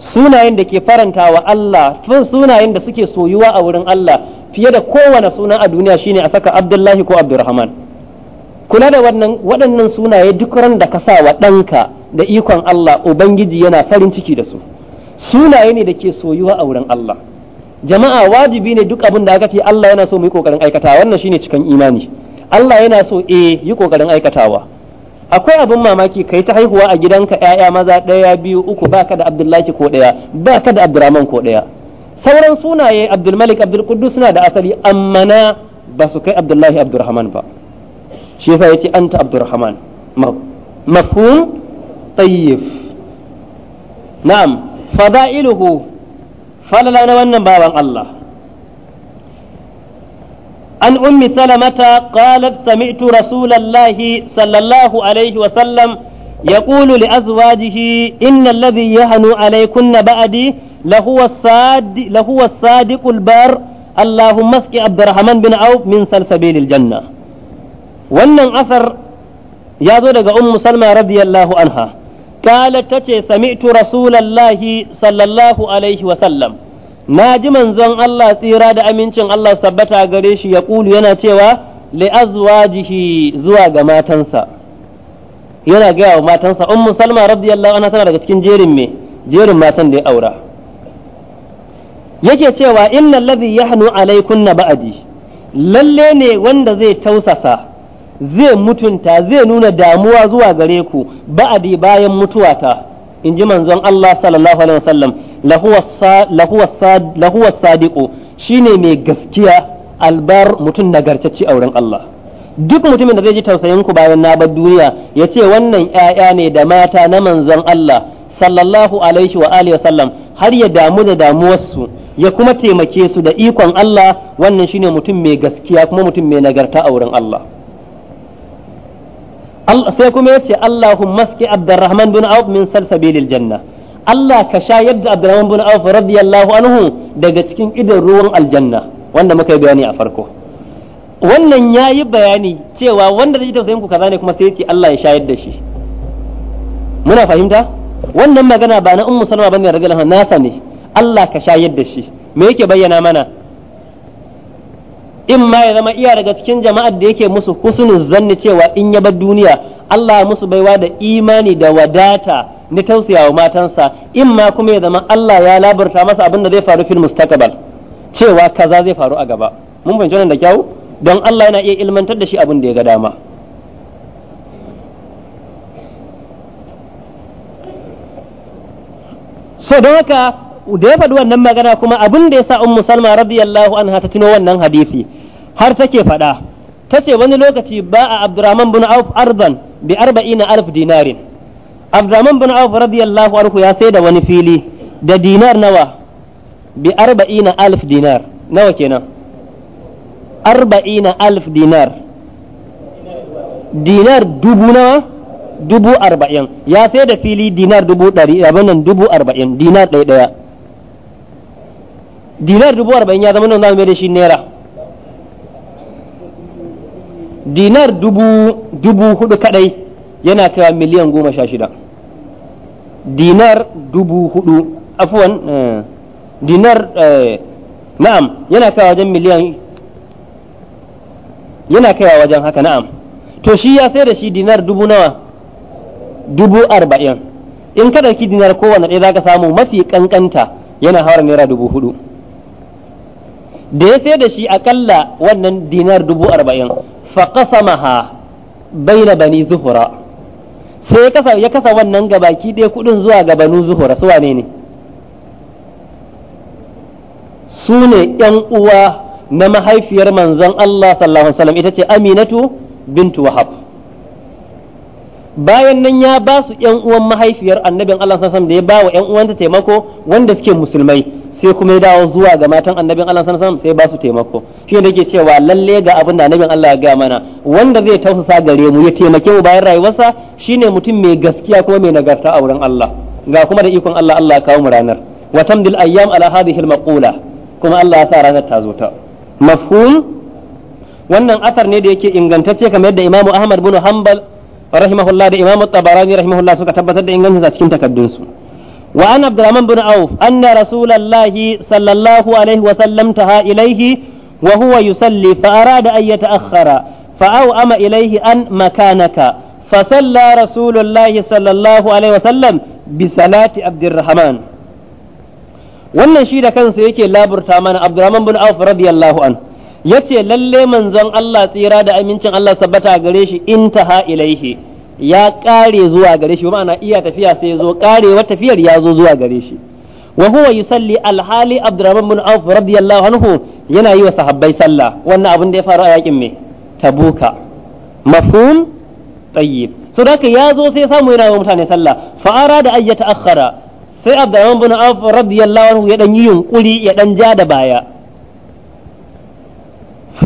sunayen da ke faranta wa Allah sunayen da suke soyuwa a wurin Allah fiye da kowane suna a duniya shine a saka Abdullahi ko Abdurrahman kula da wannan waɗannan sunaye duk ran da ka sa wa ɗanka da ikon Allah ubangiji yana farin ciki da su sunaye ne da ke soyuwa a wurin Allah jama'a wajibi ne duk abin da aka ce Allah yana so mu yi kokarin aikatawa, wannan shine cikan imani Allah yana so eh yi kokarin aikatawa akwai abin mamaki kai ta haihuwa a gidanka ƴaƴa maza ɗaya biyu uku baka da Abdullahi ko ɗaya baka da Abdurrahman ko ɗaya sauran sunaye Abdulmalik Abdulquddus suna da asali amma na ba su kai Abdullahi Abdurrahman ba shi yasa yace anta abdurrahman mafhum tayyib na'am fada'iluhu falala na wannan baban Allah an ummi salamata qalat sami'tu rasulallahi sallallahu alaihi wa sallam يقول لأزواجه إن الذي يهن عليكن بعدي لهو الصاد لهو الصادق البار اللهم اسق عبد الرحمن بن عوف من سلسبيل الجنة wannan asar ya zo daga ummu salma radiyallahu anha ta ce sami'tu رسول sallallahu alaihi wa sallam. Na ji manzon Allah tsira da amincin Allah Sabbata, gare shi ya kulu, yana cewa li azwajihi zuwa ga matansa yana gaya wa matansa ummu salma radiyallahu anha tana daga cikin jerin me jerin matan da ya aura yake cewa innal ladhi yahnu alaykunna ba'di lalle ne wanda zai tausasa zai mutunta zai nuna damuwa zuwa gare ku ba'adi bayan mutuwata in ji manzon Allah sallallahu alaihi wasallam lahuwa shine mai gaskiya albar mutum nagartacci a wurin Allah duk mutumin da zai ji tausayin ku bayan na bar duniya ya ce wannan 'ya'ya ne da mata na manzon Allah sallallahu alaihi wa alihi wasallam har ya damu da damuwarsu ya kuma taimake su da ikon Allah wannan shine mutum mai gaskiya kuma mutum mai nagarta a wurin Allah sai kuma ya ce Allahun maske Abdurrahman bin Auf min salsabilil janna Allah ka sha yadda Abdurrahman bin Auf radiyallahu anhu daga cikin idan ruwan aljanna wanda muka yi bayani a farko wannan ya yi bayani cewa wanda zai tausayin ku kaza ne kuma sai ya ce Allah ya shayar da shi muna fahimta wannan magana ba na ummu salama bane radiyallahu anha nasa ne Allah ka shayar da shi me yake bayyana mana in ma ya zama iya daga cikin jama'ar da yake musu husnul zanni cewa in ya bar duniya Allah musu baiwa da imani da wadata na wa matansa in ma kuma ya zama Allah ya labarta masa abin da zai faru fil mustaqbal cewa kaza zai faru a gaba mun fahimci wannan da kyau don Allah yana iya ilmantar da shi abin da ya ga dama so don haka da ya faɗi wannan magana kuma abin da ya sa ummu salma radiyallahu anha ta tuno wannan hadisi har take faɗa ta ce wani lokaci ba a abdurrahman bin auf arban bi arba'ina alf dinarin abdurrahman bin auf radiyallahu anhu ya sai da wani fili da dinar nawa bi arba'ina alf dinar nawa kenan arba'ina alf dinar dinar dubu nawa dubu arba'in ya sai da fili dinar dubu ɗari abin nan dubu arba'in dinar ɗaya ɗaya dinar dubu arba'in ya zama nan mai da shi naira dinar dubu dubu hudu kadai yana kaiwa miliyan goma sha shida dinar dubu hudu afuwan eh, dinar eh, na'am yana kaiwa wajen miliyan yana kaiwa wajen haka na'am to shi ya sai da shi dinar dubu nawa dubu arba'in in ka ɗauki dinar kowane ɗaya za ka samu mafi ƙanƙanta yana hawar naira dubu hudu da ya sayar da shi akalla wannan dinar dubu arba'in faƙasamaha baina bani zuhura sai ya kasa wannan gabaki ɗaya kuɗin zuwa ga banu zuhura su wane ne su ne ‘yan uwa na mahaifiyar manzon Allah sallallahu alaihi wasallam ita ce aminatu bintu wahab bayan nan ya ba su ƴan uwan mahaifiyar annabin Allah sallallahu da ya ba wa ƴan uwanta taimako wanda suke musulmai sai kuma ya dawo zuwa ga matan annabin Allah sallallahu sai ba su taimako shi ne yake cewa lalle ga abin da annabin Allah ya gaya mana wanda zai tausasa gare mu ya taimake mu bayan rayuwarsa shi ne mutum mai gaskiya kuma mai nagarta a wurin Allah ga kuma da ikon Allah Allah ya kawo mu ranar wa tamdil ayyam ala hadhihi al-maqula kuma Allah ya sa ranar ta zo ta mafhum wannan asar ne da yake ingantacce kamar yadda Imam Ahmad bin Hanbal rahimahullah da imam tabarani rahimahullah suka tabbatar da ingancin cikin takaddun wa an abdurrahman bin auf anna rasulullahi sallallahu alaihi wa sallam taha ilaihi wa huwa yusalli fa arada an yata'akhkhara fa awama ilaihi an makanaka fa salla rasulullahi sallallahu alaihi wa sallam bi salati abdurrahman wannan shi da kansa yake laburta mana abdurrahman bin auf radiyallahu anhu ya ce lalle manzon Allah tsira da amincin Allah sabbata gare shi in intaha ilaihi ya kare zuwa gare shi ma'ana iya tafiya sai ya zo karewa tafiyar ya zo zuwa gare shi wa huwa yusalli alhali Abdurrahman bin Auf radiyallahu anhu yana yi wa sahabbai sallah wannan abin da ya faru a yakin me Tabuka mafhum tayyib so da ya zo sai samu yana wa mutane sallah fa arada ay yata'akhkhara sai Abdurrahman bin Auf radiyallahu anhu ya dan yi yunkuri ya dan ja da baya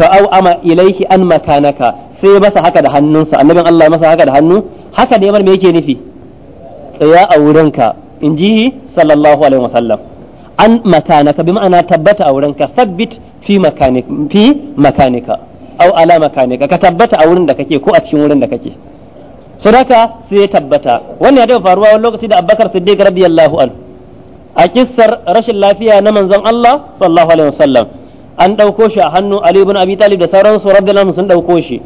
fa'au ama ilaihi an makanaka sai masa haka da hannunsa annabin Allah masa haka da hannu haka ne mar me yake nufi tsaya a wurinka in ji sallallahu alaihi wasallam an makanaka bi ma'ana tabbata a wurinka sabbit fi makanika fi makanika au ala makanika ka tabbata a wurin da kake ko a cikin wurin da kake sadaka sai ya tabbata wannan ya taɓa faruwa wani lokaci da Abubakar Siddiq radiyallahu anhu a kissar rashin lafiya na manzon Allah sallallahu alaihi wasallam an ɗauko shi a hannu Ali ibn Abi Talib da sauransu radiyallahu sun ɗauko shi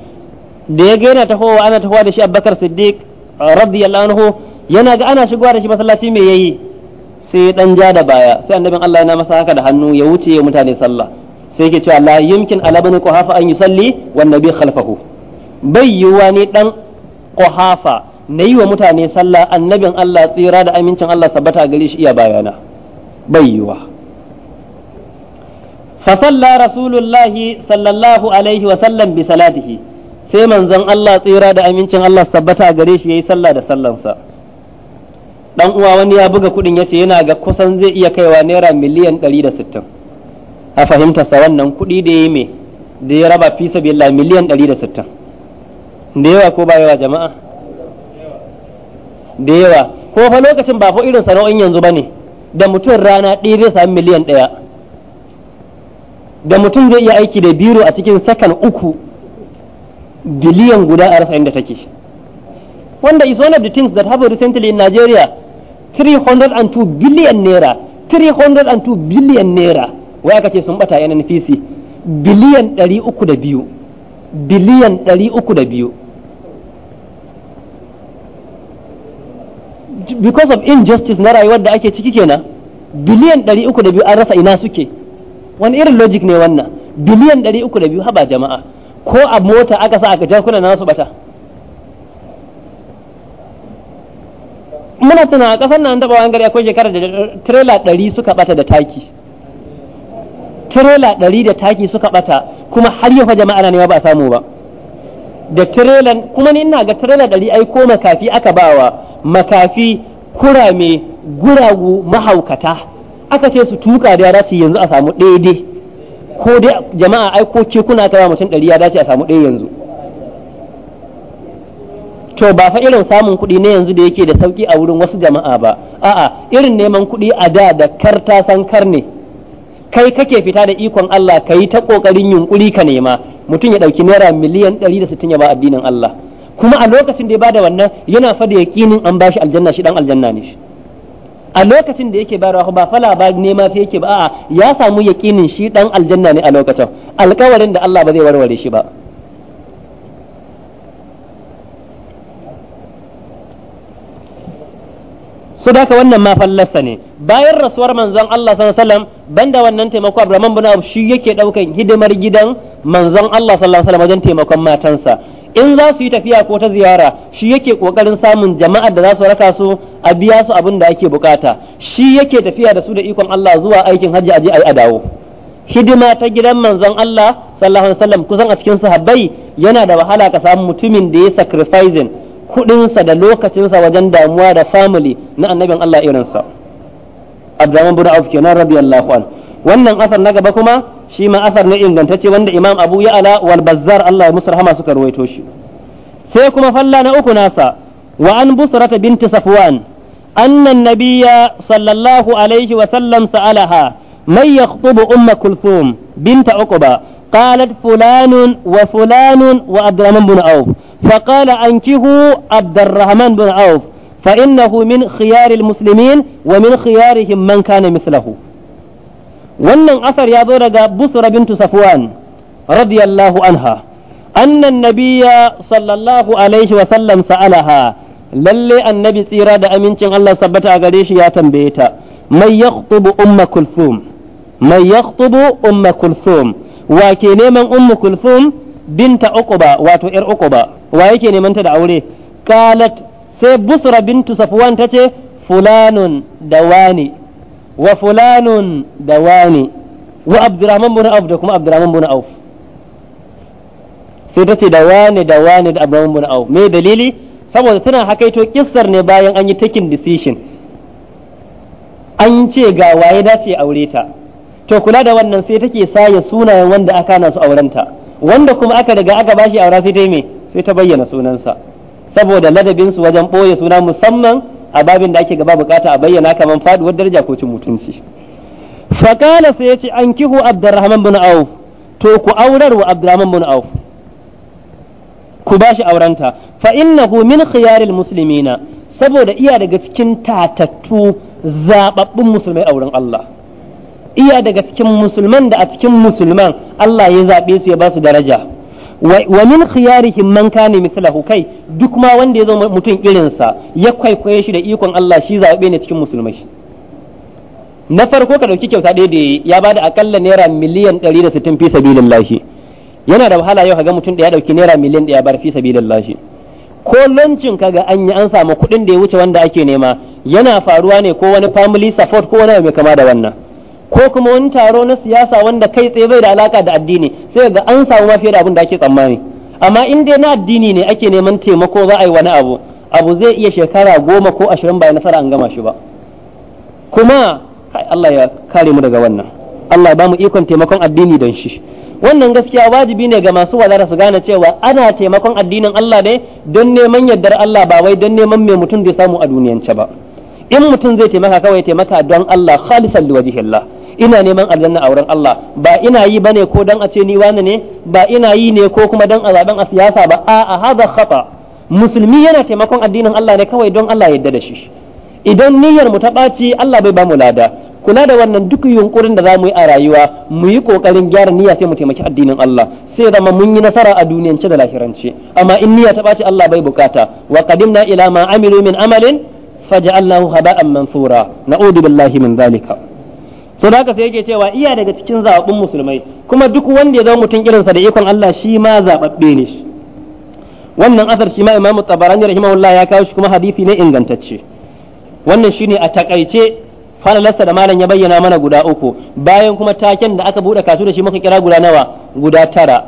da ya gaina tahowa ana tahowa da shi Abubakar Siddiq radiyallahu anhu yana ga ana shigowa da shi masallaci me yayi sai dan ja da baya sai annabin Allah yana masa haka da hannu ya wuce ya mutane sallah sai yake cewa la yumkin ala ibn Quhafa an yusalli wan nabi khalfahu bai yiwuwa ne dan Quhafa na yi wa mutane sallah annabin Allah tsira da amincin Allah sabbata gari gare shi iya bayana bai yiwuwa فصلى رسول الله صلى الله عليه وسلم بصلاته sai manzon Allah tsira da amincin Allah sabbata a gare shi yayi sallah da sallansa dan uwa wani ya buga kudin yace yana ga kusan zai iya kaiwa naira miliyan 160 a fahimta sa wannan kudi da yayi me da ya raba fi sabilla miliyan 160 da yawa ko ba yawa jama'a da yawa ko fa lokacin ba fa irin sana'o'in yanzu bane da mutum rana ɗaya zai sami miliyan ɗaya da mutum zai iya aiki da biro a cikin sakan uku biliyan guda a rasa inda take wanda is one of the things that have recently in Nigeria 302 billion naira 302 billion naira wai aka ce sun bata NNPC biliyan 302 biliyan 302 because of injustice na rayuwar da ake ciki kenan biliyan 302 an rasa ina suke wani irin logic ne wannan biliyan 302 haba jama'a ko a mota aka sa aka jakuna na su bata muna tuna a kasar nan taɓa wani gari akwai shekarar da trailer 100 suka bata da taki trailer 100 da taki suka bata kuma har yau fa jama'a ne ba a samu ba da trailer kuma ni ina ga trailer 100 ai ko makafi aka bawa makafi kurame guragu mahaukata aka ce su tuka da ya dace yanzu a samu ɗaya ko dai jama'a ai ko ke kuna kawo mutum ɗari ya dace a samu ɗaya yanzu to ba fa irin samun kuɗi ne yanzu da yake da sauki a wurin wasu jama'a ba a'a irin neman kuɗi a da da kar ta san kar ne kai kake fita da ikon Allah ka yi ta kokarin yunƙuri ka nema mutum ya ɗauki naira miliyan 160 ya ba addinin Allah kuma a lokacin da ya bada wannan yana fa da yaƙinin an bashi aljanna shi dan aljanna ne a lokacin da yake bayarwa ba fala ba nema fi yake ba a'a ya samu yaƙinin shi ɗan aljanna ne a lokacin alkawarin da Allah ba zai warware shi ba su da wannan ma fallasa ne bayan rasuwar manzon Allah sallallahu alaihi wasallam banda wannan taimako Abdurrahman bin Abu shi yake daukan hidimar gidan manzon Allah sallallahu alaihi wasallam wajen taimakon matansa in za su yi tafiya ko ta ziyara shi yake kokarin samun jama'ar da za su raka su a biya su abin da ake bukata shi yake tafiya da su da ikon Allah zuwa aikin hajji aje ai a dawo hidima ta gidan manzon Allah sallallahu alaihi wasallam kusan a cikin sahabbai yana da wahala ka samu mutumin da ya sacrificing kudinsa da lokacinsa wajen damuwa da family na annabin Allah irinsa Abdurrahman bin Auf kenan radiyallahu an wannan asar na gaba kuma shi ma asar ne ingantacce wanda imam abu ya ala wal bazzar Allah ya musar hama suka ruwaito shi sai kuma falla na uku nasa wa an busrata binti safwan anna nabiyya sallallahu alaihi wa sallam sa'alaha man yakhtubu umma kulthum binta uqba fulanun wa وفلان وعبد الرحمن بن عوف فقال أنكه عبد الرحمن بن عوف فإنه من خيار المسلمين ومن خيارهم من كان مثله wannan asar ya zo daga busra bintu safwan radiyallahu anha annan nabiyya sallallahu alaihi wa sallam sa'alaha lalle annabi tsira da amincin Allah sabbata a gare shi ya tambaye ta mai yaqtubu umma kulthum mai yaqtubu umma kulthum wa ke neman umma kulthum binta uquba wato yar uquba wa yake neman ta da aure qalat sai busra bintu safwan tace fulanun da wani wa fulanun da wani wa abdurrahman bin auf da kuma abdurrahman bin sai ta ce da wani da wani da abdurrahman bin auf me dalili saboda tana hakaito kissar ne bayan an yi taking decision an ce ga waye dace aure ta to kula da wannan sai take saye sunayen wanda aka na su aurenta wanda kuma aka riga aka bashi aure sai ta yi me sai ta bayyana sunansa saboda ladabinsu wajen ɓoye suna musamman a babin da ake gaba bukata a bayyana kaman faduwar daraja ko cin mutunci fakala sai yace an kihu abdurrahman bin auf to ku aurar wa abdurrahman bin auf ku ba shi aurenta fa innahu min khiyaril muslimina saboda iya daga cikin tatattu zababbun musulmai auren Allah iya daga cikin musulman da a cikin musulman Allah ya zabe su ya ba su daraja wa min khiyarihim man kana mithluhu kai duk ma wanda ya zama mutum sa ya kwaikwaye shi da ikon Allah shi zaɓe ne cikin musulmai na farko ka dauki kyauta da da ya bada akalla naira miliyan 160 fi sabilillahi yana da wahala yau kaga mutum da ya dauki naira miliyan ɗaya bar fi sabilillahi ko lancin kaga an yi an samu kuɗin da ya wuce wanda ake nema yana faruwa ne ko wani family support ko wani mai kama da wannan ko kuma wani taro na siyasa wanda kai tsaye bai da alaka da addini sai ga an samu mafi da abin da ake tsammani amma in dai na addini ne ake neman taimako za a yi wani abu abu zai iya shekara goma ko ashirin ba nasara an gama shi ba kuma Allah ya kare mu daga wannan Allah ba mu ikon taimakon addini don shi wannan gaskiya wajibi ne ga masu wazara su gane cewa ana taimakon addinin Allah ne don neman yardar Allah ba wai don neman mai mutum zai samu a duniyance ba in mutum zai taimaka kawai taimaka don Allah khalisan liwajihillah ina neman aljanna a wurin Allah ba ina yi bane ko dan a ce ni wani ne ba ina yi ne ko kuma dan a zaben a siyasa ba a a hada khata musulmi yana taimakon addinin Allah ne kawai don Allah ya yarda da shi idan niyyar mu ta ɓaci Allah bai ba mu lada kula da wannan duk yunkurin da za mu yi a rayuwa mu yi kokarin gyara niyya sai mu taimaki addinin Allah sai zama mun yi nasara a duniyance da lahiranci amma in niyya ta ɓaci Allah bai bukata wa qadimna ila ma amilu min amalin faj'alnahu haba'an mansura na'udu billahi min zalika so da haka sai yake cewa iya daga cikin zaɓin musulmai kuma duk wanda ya zama mutum irinsa da ikon Allah shi ma zaɓaɓɓe ne wannan asar shi ma imam tabarani rahimahullah ya kawo shi kuma hadisi ne ingantacce wannan shine a takaice falalarsa da malam ya bayyana mana guda uku bayan kuma taken da aka buɗe kasu da shi muka kira guda nawa guda tara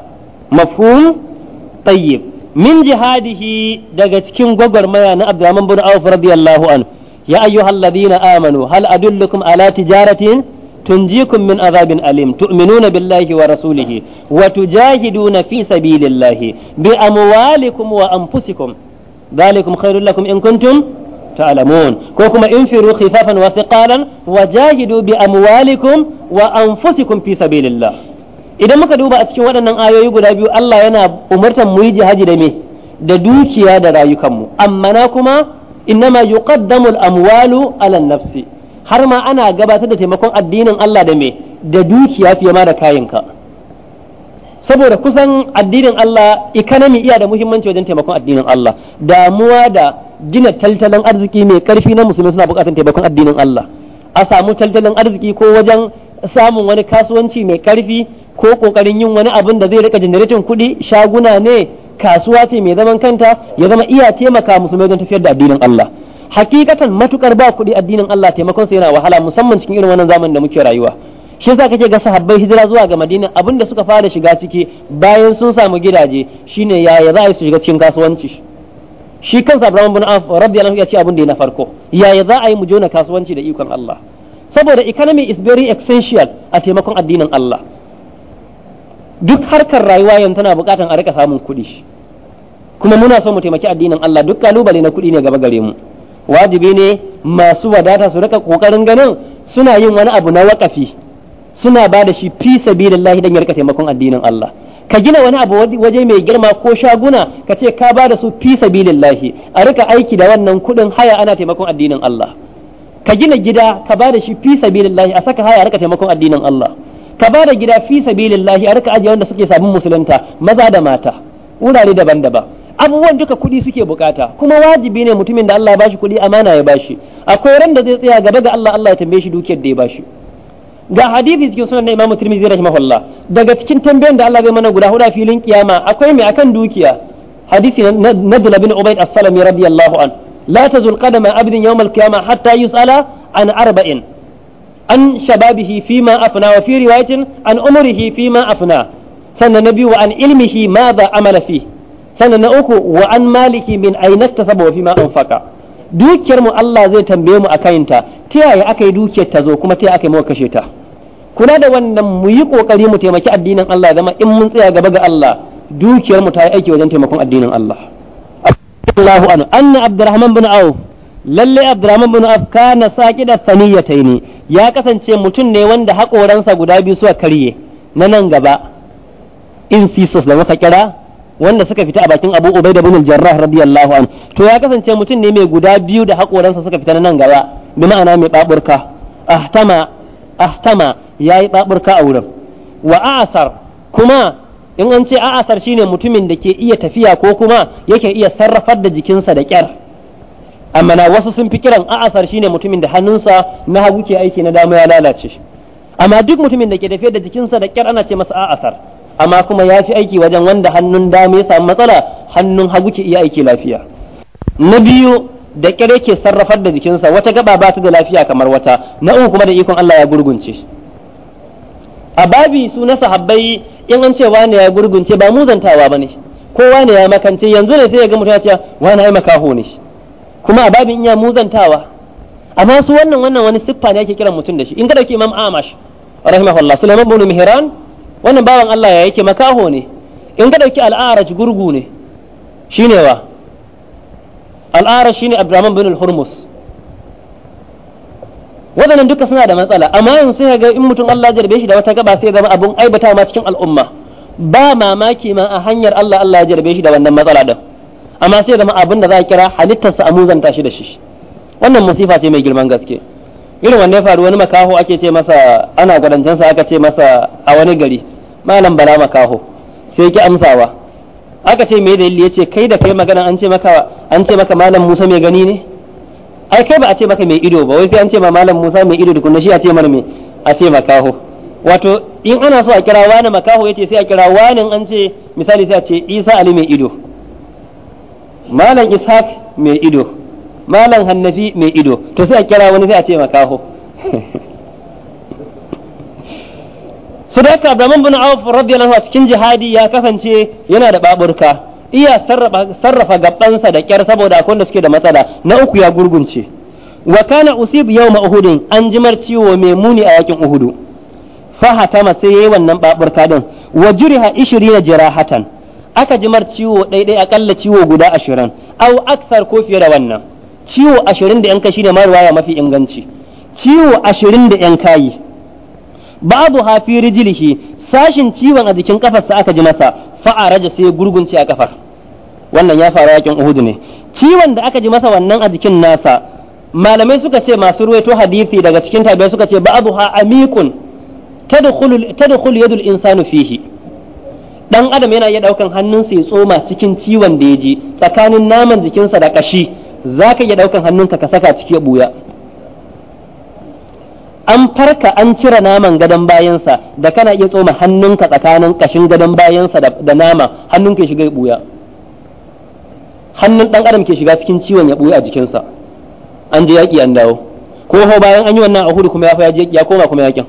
mafhum tayyib min jihadihi daga cikin gwagwarmaya na Abdurrahman bin Auf radiyallahu anhu ya ayyuhalladhina amanu hal adullukum ala tijaratin tunjikum min azabin alim tu'minuna billahi wa rasulihi wa tujahiduna fi sabilillahi bi amwalikum wa anfusikum dhalikum khairul lakum in kuntum ta'lamun ko kuma infiru khifafan wa thiqalan wa jahidu bi amwalikum wa anfusikum fi sabilillah idan muka duba a cikin waɗannan ayoyi guda biyu Allah yana umartar mu yi da me da dukiya da rayukanmu amma na kuma innama yuqaddamu al-amwalu alan nafsi har ma ana gabatar da taimakon addinin Allah da me da dukiya fiye ma da kayanka saboda kusan addinin Allah economy iya da muhimmanci wajen taimakon addinin Allah damuwa da gina tattalin arziki mai karfi na musulmi suna buƙatar taimakon addinin Allah a samu taltalin arziki ko wajen samun wani kasuwanci mai karfi ko kokarin yin wani abin da zai rika jeneratin kuɗi shaguna ne kasuwa ce mai zaman kanta ya zama iya taimaka musulmi wajen tafiyar da addinin Allah hakikatan matukar ba kuɗi addinin Allah taimakon sa yana wahala musamman cikin irin wannan zamanin da muke rayuwa shi yasa kake ga sahabbai hijira zuwa ga Madina da suka fara shiga ciki bayan sun samu gidaje shine ya za a yi su shiga cikin kasuwanci shi kansa Abraham bin Auf radiyallahu anhu ya ce abin da na farko yaya za a yi mu jona kasuwanci da ikon Allah saboda economy is very essential a taimakon addinin Allah duk harkar rayuwa yanzu tana bukatan a rika samun kuɗi kuma muna so mu taimaki addinin Allah duk kalubale na kuɗi ne gaba gare mu wajibi ne masu wadata su rika kokarin ganin suna yin wani abu na wakafi suna ba da shi fi da dan ya yarka taimakon addinin Allah ka gina wani abu waje mai girma ko shaguna ka ce ka ba da su fi lahi a rika aiki da wannan kudin haya ana taimakon addinin Allah ka gina gida ka ba da shi fi lahi a saka haya a rika taimakon addinin Allah ka ba da gida fi lahi a rika ajiye wanda suke sabon musulunta maza da mata wurare daban-daban abubuwan duka kuɗi suke bukata kuma wajibi ne mutumin da Allah ya bashi kuɗi amana ya bashi akwai ran da zai tsaya gaba ga Allah Allah ya tambaye shi dukiyar da ya bashi ga hadisi cikin sunan na Imam Tirmidhi rahimahullah daga cikin tambayan da Allah bai mana guda huda filin kiyama akwai mai akan dukiya hadisi na Dula bin Ubayd as-Salami radiyallahu an la tazul qadama abdin yawm al-qiyama hatta yus'ala an arba'in an shababihi fima afna wa fi riwayatin an umrihi fima afna sannan biyu wa an ilmihi ma amala fihi sannan na uku wa an maliki min ainasta saboda fi ma anfaka dukiyar mu Allah zai tambaye mu akan ta ta yaya aka yi dukiyar ta zo kuma ta yaya aka yi kashe ta kula da wannan mu yi kokari mu taimaki addinin Allah zama in mun tsaya gaba ga Allah dukiyar mu ta yi aiki wajen taimakon addinin Allah Allahu an anna Abdurrahman bin Auf lalle Abdurrahman bin Auf kana da thaniyataini ya kasance mutum ne wanda hakoransa guda biyu suka karye na nan gaba in da muka kira wanda suka fita a bakin Abu Ubaida bin al-Jarrah radiyallahu anhu to ya kasance mutum ne mai guda biyu da hakoransa suka fita nan gaba bi ma'ana mai baburka ahtama ahtama yayi baburka a wurin wa a'sar kuma in an ce a'asar shine mutumin da ke iya tafiya ko kuma yake iya sarrafar da jikinsa da kyar amma na wasu sun fi kiran a'asar shine mutumin da hannunsa na hagu ke aiki na dama ya lalace amma duk mutumin da ke tafiya da jikinsa da kyar ana ce masa asar amma kuma ya fi aiki wajen wanda hannun dama ya samu matsala hannun hagu ke iya aiki lafiya na biyu da kyare yake sarrafar da jikinsa wata gaba ba ta da lafiya kamar wata na uku kuma da ikon Allah ya gurgunce a babi su na sahabbai in an ce wane ya gurgunce ba muzantawa ne, ko wane ya makance yanzu ne sai ya ga mutum ya ce wane ya makaho ne kuma a babin iya muzantawa amma su wannan wannan wani siffa ne ake kiran mutum da shi in ka dauki Imam Amash rahimahullah Sulaiman ibn Mihran wannan bawan Allah ya yake makaho ne in ka dauki al'araj gurgu ne shine wa al'araj shine Abdurrahman bin al-Hurmus waɗannan duka suna da matsala amma yanzu sai ga in mutum Allah ya jarbe shi da wata gaba sai zama abun aibata ma cikin al'umma ba mamaki ma a hanyar Allah Allah ya jarbe shi da wannan matsala din amma sai zama abun da za a kira sa a muzanta shi da shi wannan musifa ce mai girman gaske irin wanne ya faru wani makaho ake ce masa ana gwadancensa aka ce masa a wani gari malam bala makaho sai ki amsawa aka ce mai dalili yace kai da kai magana an ce maka an ce maka malam Musa mai gani ne ai kai ba a ce maka mai ido ba wai sai an ce ma malam Musa mai ido tukunna shi a ce mana me a ce makaho wato in ana so a kira wani makaho yace sai a kira wani an ce misali sai a ce Isa Ali mai ido malam Ishaq mai ido malam Hannafi mai ido to sai a kira wani sai a ce makaho su da Abdurrahman bin Auf radiyallahu anhu cikin jihadi ya kasance yana da baburka iya sarrafa gabansa da kyar saboda akwai da suke da matsala na uku ya gurgunce wa kana usib yawma uhudin an jimar ciwo mai muni a yakin uhudu fa hatama sai yayi wannan baburka din wa juriha jira hatan. aka jimar ciwo daidai akalla ciwo guda 20 au Aksar ko fiye da wannan ciwo 20 da yanka shine marwaya mafi inganci ciwo 20 da yan yi ba'du hafi fi rijlihi sashin ciwon a jikin kafarsa aka ji masa fa'araja sai gurgunce a kafar wannan ya faru yakin Uhud ne ciwon da aka ji masa wannan a jikin nasa malamai suka ce masu ruwaito hadisi daga cikin tabi'a suka ce ba'du ha amikun tadkhulu tadkhulu yadul insanu fihi dan adam yana iya daukan hannunsa ya tsoma cikin ciwon da ya ji tsakanin naman jikinsa da kashi zaka iya daukan hannunka ka saka ciki ya buya an farka an cire naman gadon bayansa da kana iya tsoma hannunka tsakanin kashin gadon bayansa da nama hannun ke shiga ya buya hannun dan adam ke shiga cikin ciwon ya buya a jikinsa an je yaƙi an dawo ko ho bayan an yi wannan a hudu kuma ya fa ya koma kuma yaƙin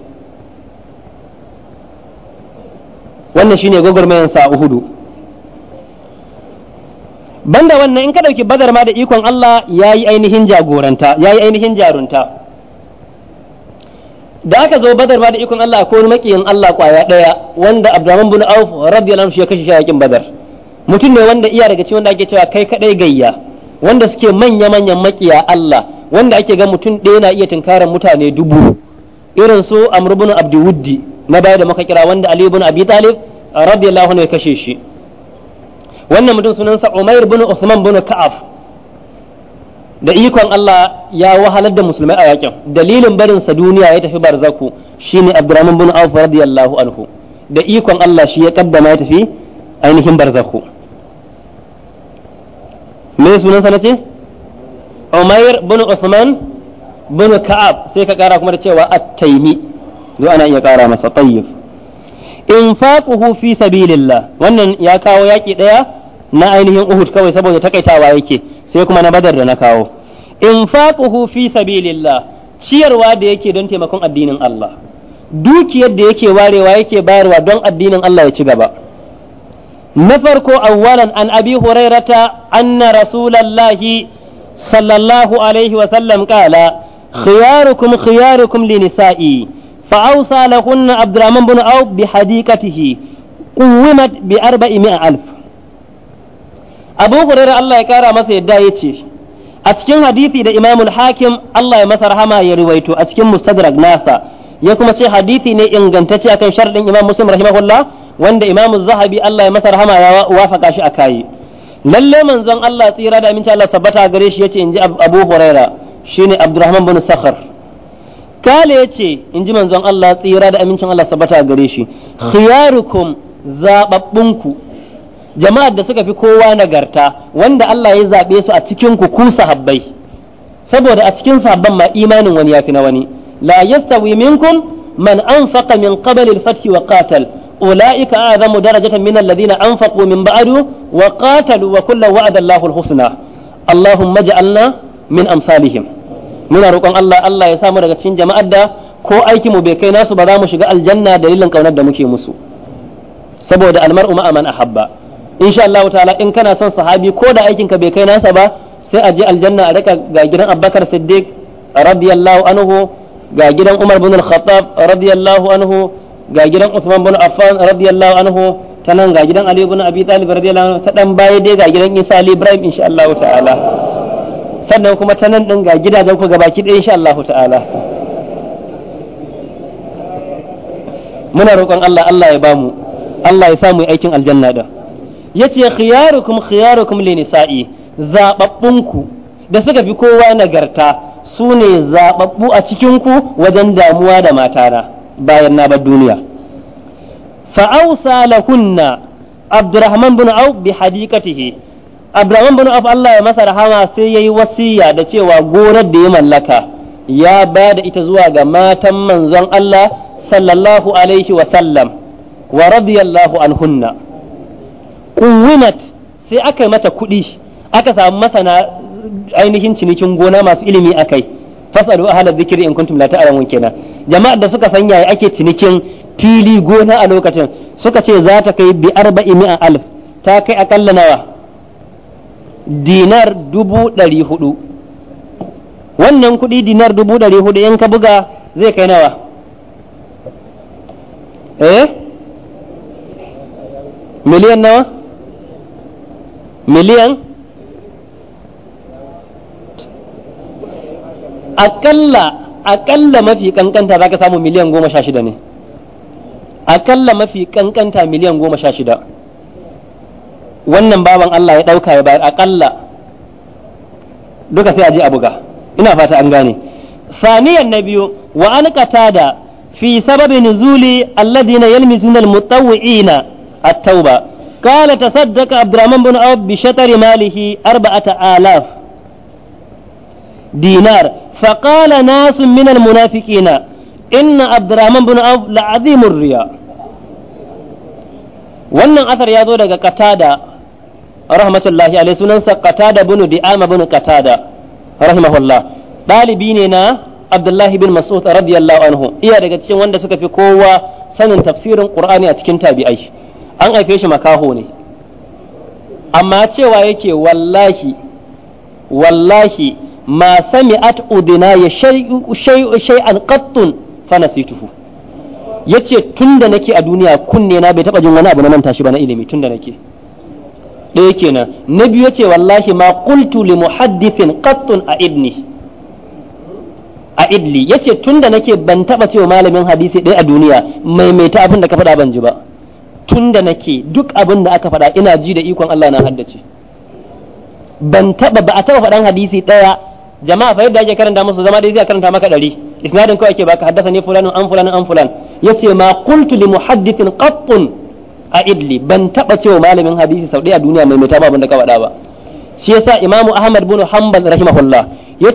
wannan shine gwagwarmayan sa a hudu banda wannan in ka ɗauki badar ma da ikon Allah yayi ainihin jagoranta ya yi ainihin jarunta da aka zo badar ba da ikon Allah ko wani makiyin Allah kwaya daya wanda Abdurrahman bin Auf radiyallahu anhu ya kashe shayakin badar mutum ne wanda iya daga cikin wanda ake cewa kai kadai gayya wanda suke manya manyan makiya Allah wanda ake ga mutum ɗaya na iya tunkarar mutane dubu irin su Amr bin Abdiwuddi na baya da muka kira wanda Ali bin Abi Talib radiyallahu anhu ya kashe shi wannan mutum sunansa Umair bin Uthman bin Ka'af da ikon Allah ya wahalar da musulmai a yakin dalilin barin sa duniya ya tafi barzaku shine Abdurrahman bin Auf radiyallahu anhu da ikon Allah shi ya kaddama ya tafi ainihin barzaku me sunan sa nace Umair bin Uthman bin Ka'ab sai ka kara kuma da cewa At-Taymi zo ana iya kara masa tayyib infaquhu fi sabilillah wannan ya kawo yaki daya na ainihin Uhud kawai saboda takaitawa yake sai kuma na badar da na kawo infaquhu fi sabilillah ciyarwa da yake don taimakon addinin Allah dukiyar da yake warewa yake bayarwa don addinin Allah ya ci gaba na farko awwalan an abi hurairata anna rasulallahi sallallahu alaihi wa sallam qala khiyarukum khiyarukum li nisa'i fa awsa lahunna abdurrahman bin awf bi hadiqatihi قومت بأربعمائة ألف abu hurairah Allah ya kara masa yadda ya ce a cikin hadisi da imamul hakim Allah ya masa rahama ya rawaito a cikin mustadrak nasa ya kuma ce hadisi ne ingantacce akan sharɗin imam muslim rahimahullah wanda Imam zahabi Allah ya masa rahama ya wafaka shi a kayi lalle manzon Allah tsira da aminci Allah sabbata gare shi yace inji Abu Huraira shine Abdurrahman bin Sakhar kale yace inji manzon Allah tsira da amincin Allah sabbata gare shi khiyarukum zababbunku jama'ar da suka fi kowa nagarta wanda Allah ya zaɓe su a cikin ku ku sahabbai saboda a cikin sahabban ma imanin wani yafi na wani la yastawi minkum man anfaqa min qabl al-fath wa qatal ulaika a'zamu darajatan min alladhina anfaqu min ba'du wa qatalu wa kullu wa'ada Allahu al-husna Allahumma ja'alna min amsalihim muna roƙon Allah Allah ya samu daga cikin jama'ar da ko aiki mu bai kai nasu ba za mu shiga aljanna dalilin kaunar da muke musu saboda almar'u ma'aman ahabba insha Allah ta'ala in kana son sahabi ko da aikin ka bai kai nasa ba sai a je aljanna a rika ga gidan Abubakar Siddiq radiyallahu anhu ga gidan Umar bin Al-Khattab radiyallahu anhu ga gidan Uthman bin Affan radiyallahu anhu ta nan ga gidan Ali bin Abi Talib radiyallahu anhu ta dan baya dai ga gidan Isa Ali Ibrahim insha Allah ta'ala sannan kuma ta nan din ga gidajen ku gabaki ɗaya insha Allah ta'ala muna roƙon Allah Allah ya bamu Allah ya samu aikin aljanna da yace khiyarukum khiyarukum li nisa'i zababbunku da suka fi kowa nagarta su ne zababbu a cikinku wajen damuwa da matana bayan na bar duniya fa ausa lahunna abdurrahman bin auf bi hadiqatihi abdurrahman bin auf Allah ya masa rahama sai yayi wasiya da cewa gonar da ya mallaka ya ba da ita zuwa ga matan manzon Allah sallallahu alaihi wa sallam wa radiyallahu anhunna kuwinat sai aka mata kuɗi aka samu masana ainihin cinikin gona masu ilimi akai fasalu ahla zikiri in kuntum la ta'lamun kenan jama'ar da suka san yaya ake cinikin fili gona a lokacin suka ce za ta kai bi arba'i mi'a alif ta kai akalla nawa dinar dubu ɗari hudu wannan kuɗi dinar dubu ɗari hudu in ka buga zai kai nawa eh miliyan nawa miliyan akalla akalla mafi kankanta za ka samu miliyan goma sha shida ne akalla mafi kankanta miliyan goma sha shida wannan baban Allah ya ɗauka ya bayar akalla duka sai a je a buga ina fata an gane saniyan na biyu wa an da fi sababi nuzuli alladhina yalmizuna almutawwi'ina at-tauba قال تصدق عبد الرحمن بن عوف بشطر ماله أربعة آلاف دينار فقال ناس من المنافقين إن عبد الرحمن بن عوف لعظيم الرياء wannan asar ya zo daga katada rahmatullahi alaihi sunansa katada bin di'ama bin katada rahimahullah dalibi ne na abdullahi bin mas'ud radiyallahu anhu iya daga cikin wanda suka fi kowa sanin tafsirin qur'ani a cikin tabi'ai an haife shi makaho ne amma cewa yake wallahi wallahi ma sami'at udina ya shay'an qattun fa nasituhu yace tunda nake a duniya kunne na bai taba jin wani abu na manta shi ba na ilimi tunda nake ɗaya kenan na biyu yace wallahi ma qultu li muhaddithin qattun a idni a idli yace tunda nake ban taba cewa malamin hadisi ɗaya a duniya maimaita abin da ka faɗa ban ji ba tun da nake duk abin da aka faɗa ina ji da ikon Allah na haddace ban taba ba a taba faɗan hadisi ɗaya jama'a fa yadda ake karanta musu zama dai a karanta maka ɗari isnadin kawai ake baka haddasa ne fulani an fulanin an fulan yace ma qultu li muhaddithin qattun a idli ban taba cewa malamin hadisi sau ɗaya a duniya mai mutaba abin da ka faɗa ba shi yasa imamu ahmad bin hanbal rahimahullah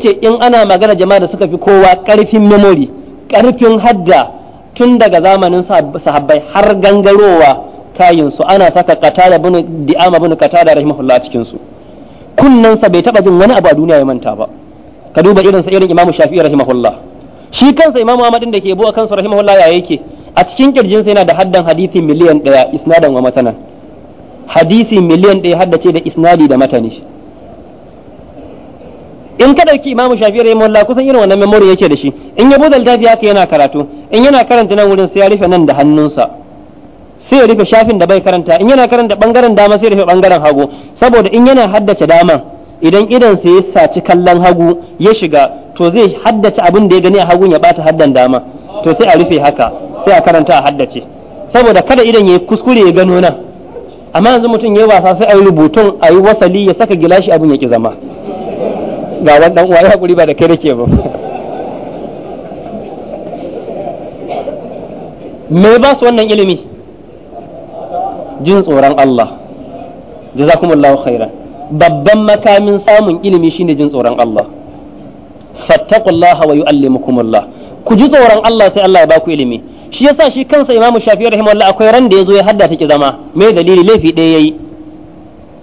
ce in ana magana jama'a da suka fi kowa ƙarfin memory ƙarfin hadda tun daga zamanin sahabbai har gangarowa kayinsu ana saka da bin di'ama bin qatada rahimahullah cikin su sa bai taba jin wani abu a duniya ya manta ba ka duba irin sa irin imamu shafi'i rahimahullah shi kansa imamu ahmad da ke buwa kansa rahimahullah ya yake a cikin kirjin sa yana da haddan hadisi miliyan 1 isnadan wa matanan hadisi miliyan 1 haddace da isnadi da matani in ka dauki imamu shafi'i rahimahullah kusan irin wannan memory yake da shi in ya buɗe littafi haka yana karatu in yana karanta nan wurin sai ya rufe nan da hannunsa sai ya rufe shafin da bai karanta in yana karanta bangaren dama sai ya rufe bangaren hagu saboda in yana haddace dama idan idan sai ya saci kallon hagu ya shiga to zai haddace abin da ya gani a hagun ya bata haddan dama to sai a rufe haka sai a karanta a haddace saboda kada idan ya kuskure ya gano nan amma yanzu mutum ya yi wasa sai a yi rubutun a yi wasali ya saka gilashi abin ya ki zama ga wani dan uwa ya hakuri ba da kai nake ba me ba su wannan ilimi jin tsoron Allah jazakumullahu khairan babban makamin samun ilimi shine jin tsoron Allah fattaqullaha wa yu'allimukumullah ku ji tsoron Allah sai Allah ya baku ilimi shi yasa shi kansa Imam shafi rahimahullah akwai ran da yazo ya hadda take zama me dalili laifi ɗaya yayi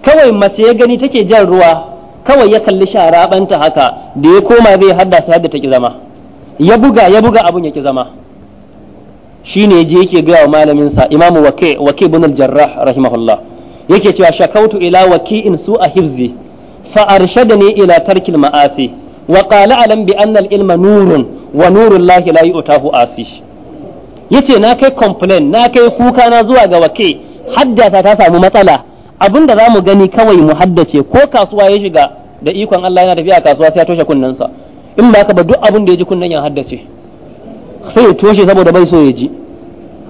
kawai mace ya gani take jan ruwa kawai ya kalli sharabanta haka da ya koma zai haddasa yadda ta ki zama ya buga ya buga abun ya ki zama Shi ne je yake gaya wa malamin sa imamu wake wake ibn al-jarrah rahimahullah yake cewa shakautu ila waki'in a hifzi fa arshadani ila tarkil ma'asi wa qala alam bi anna al-ilma nurun wa nurul lahi la yu'tahu asi yace na kai complain na kai kuka na zuwa ga wake haddasa ta samu matsala abin da za mu gani kawai mu haddace ko kasuwa ya shiga da ikon Allah yana tafiya kasuwa sai ya toshe kunnensa in ba ka ba duk abin da ya ji kunnen ya haddace sai ya toshe saboda bai so ya ji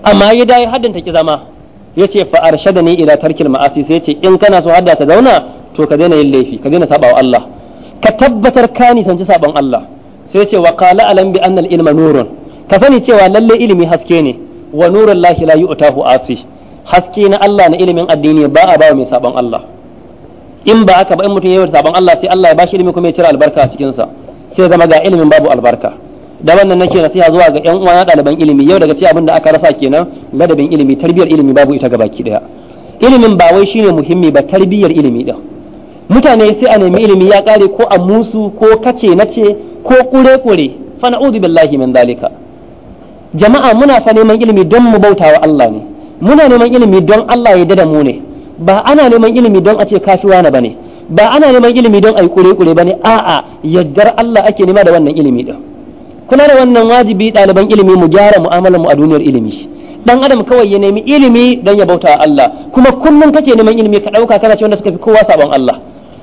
amma ya dai haddanta ki zama ya ce fa arshadani ila tarkil ma'asi sai ya ce in kana so hadda ka zauna to ka daina yin laifi ka daina sabawa Allah ka tabbatar ka nisanci saban Allah sai ya ce wa qala alam bi anna ilma nurun ka sani cewa lalle ilimi haske ne wa nurullahi la yu'tahu asi haske na Allah na ilimin addini ba a ba mai sabon Allah in ba aka ba in mutum yayin sabon Allah sai Allah ya bashi ilimi kuma ya cire albarka a cikin sa sai zama ga ilimin babu albarka da wannan nake nasiha zuwa ga yan uwana ɗaliban ilimi yau daga cikin abin da aka rasa kenan ladabin ilimi tarbiyar ilimi babu ita ga baki daya ilimin ba wai shine muhimmi ba tarbiyar ilimi din mutane sai a nemi ilimi ya kare ko a musu ko kace nace ko kure kure fa na'udhu billahi min dalika jama'a muna fa neman ilimi don mu bautawa Allah ne muna neman ilimi don Allah ya da mu ne ba ana neman ilimi don a ce kafi wani ne, ba ana neman ilimi don a yi kure-kure ba ne a'a yaddar Allah ake nema da wannan ilimi din kuna da wannan wajibi ɗaliban ilimi mu gyara mu'amalar mu a duniyar ilimi dan adam kawai ya nemi ilimi don ya bauta Allah kuma kullum kake neman ilimi ka ɗauka kana ce wanda suka fi kowa sabon Allah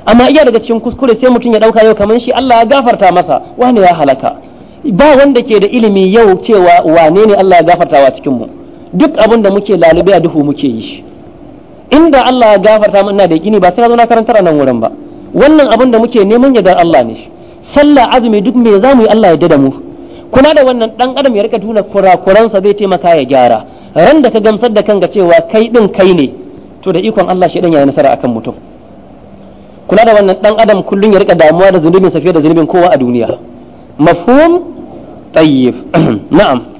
amma iya daga cikin kuskure sai mutum ya dauka yau kamar shi Allah ya gafarta masa wani ya halaka ba wanda ke da ilimi yau cewa wane ne Allah ya gafartawa cikin mu duk abin da muke lalube a duhu muke yi inda Allah ya gafarta min ina da yakini ba sai zo na karantar nan wurin ba wannan abin da muke neman yardar Allah ne sallah azumi duk me za mu yi Allah ya dada mu kuna da wannan dan adam ya rika tuna kurakuransa zai taimaka ya gyara ran da ka gamsar da kanka cewa kai din kai ne to da ikon Allah shi dan yayi nasara akan mutum kula da wannan dan adam kullun ya rika damuwa da zunubin safiya da zunubin kowa a duniya mafhum tayyib na'am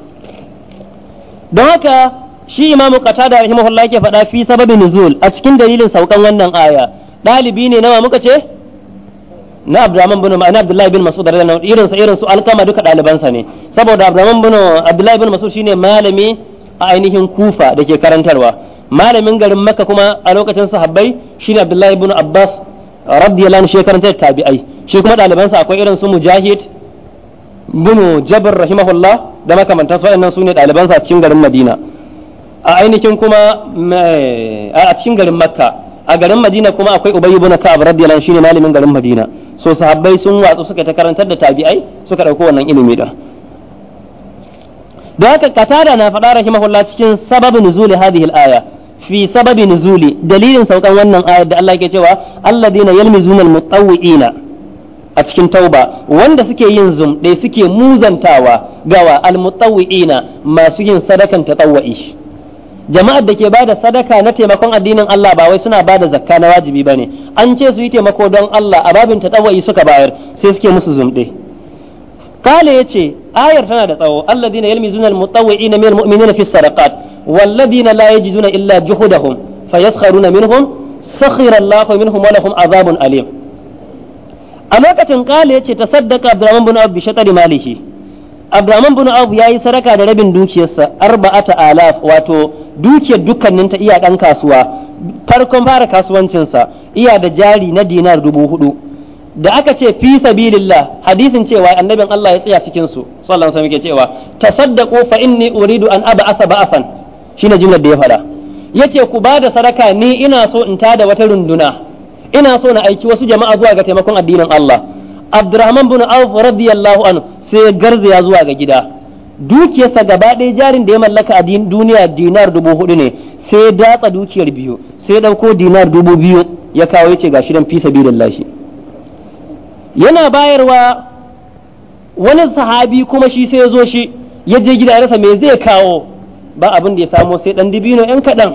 don haka shi imamu qatada rahimahullah yake faɗa fi sababin nuzul a cikin dalilin saukan wannan aya ɗalibi ne nawa muka ce na Abdurrahman bin na Abdullahi bin Mas'ud radiyallahu irin sa irin su alkama duka ɗalibansa ne saboda Abdurrahman bin Abdullahi bin Mas'ud shine malami a ainihin Kufa da ke karantarwa malamin garin Makka kuma a lokacin sahabbai shine Abdullahi bin Abbas radiyallahu anhu shi karanta tabi'ai shi kuma ɗalibansa akwai irin su Mujahid bin jabir rahimahullah da makamantan su waɗannan su ne ɗalibansa a cikin garin madina a ainihin kuma a cikin garin makka a garin madina kuma akwai ubayi ibn ka'ab radiyallahu shine malamin garin madina so sahabbai sun watsu suka ta karantar da tabi'ai suka ɗauko wannan ilimi din da haka katada na faɗa rahimahullah cikin sababin nuzuli hadhihi al-aya fi sababi nuzuli dalilin saukan wannan ayar da Allah ke cewa alladina yalmizuna almutawwi'ina a cikin tauba wanda suke yin zumɗe suke muzantawa gawa almutawwi'ina masu yin sadakan tatawwa'i jama'ar da ke ba da sadaka na taimakon addinin Allah ba wai suna ba da zakka na wajibi ba ne an ce su yi taimako don Allah a babin tatawwa'i suka bayar sai suke musu zumɗe kale yace ce ayar tana da tsawo alladina yalmizuna almutawwi'ina minal mu'minina fi sadaqat walladina la yajiduna illa juhudahum fayaskharuna minhum sakhira Allahu minhum wa lahum azabun alim a lokacin ce ta saddaka abdurrahman bin abu shatari malihi abdurrahman bin abu yi sadaka da rabin dukiyarsa arba'ata alaf wato dukiyar dukkanin ta iya dan kasuwa farkon fara kasuwancinsa iya da jari na dinar dubu hudu da aka ce fi sabilillah hadisin cewa annabin Allah ya tsaya cikin su sallallahu alaihi wasallam yake cewa tasaddaqu fa inni uridu an ab'atha ba'asan shine jimlar da ya fada yace ku bada sadaka ni ina so in tada wata runduna ina so na aiki wasu jama'a zuwa ga taimakon addinin Allah Abdurrahman bin Auf radiyallahu anhu sai garzaya zuwa ga gida dukiyarsa gaba ɗaya jarin da ya mallaka a duniya dinar dubu hudu ne sai datsa dukiyar biyu sai ɗauko dinar dubu biyu ya kawo ya ce ga shirin fi sabilillah shi yana bayarwa wani sahabi kuma shi sai ya zo shi ya je gida ya rasa me zai kawo ba abin da ya samo sai dan dibino yan kaɗan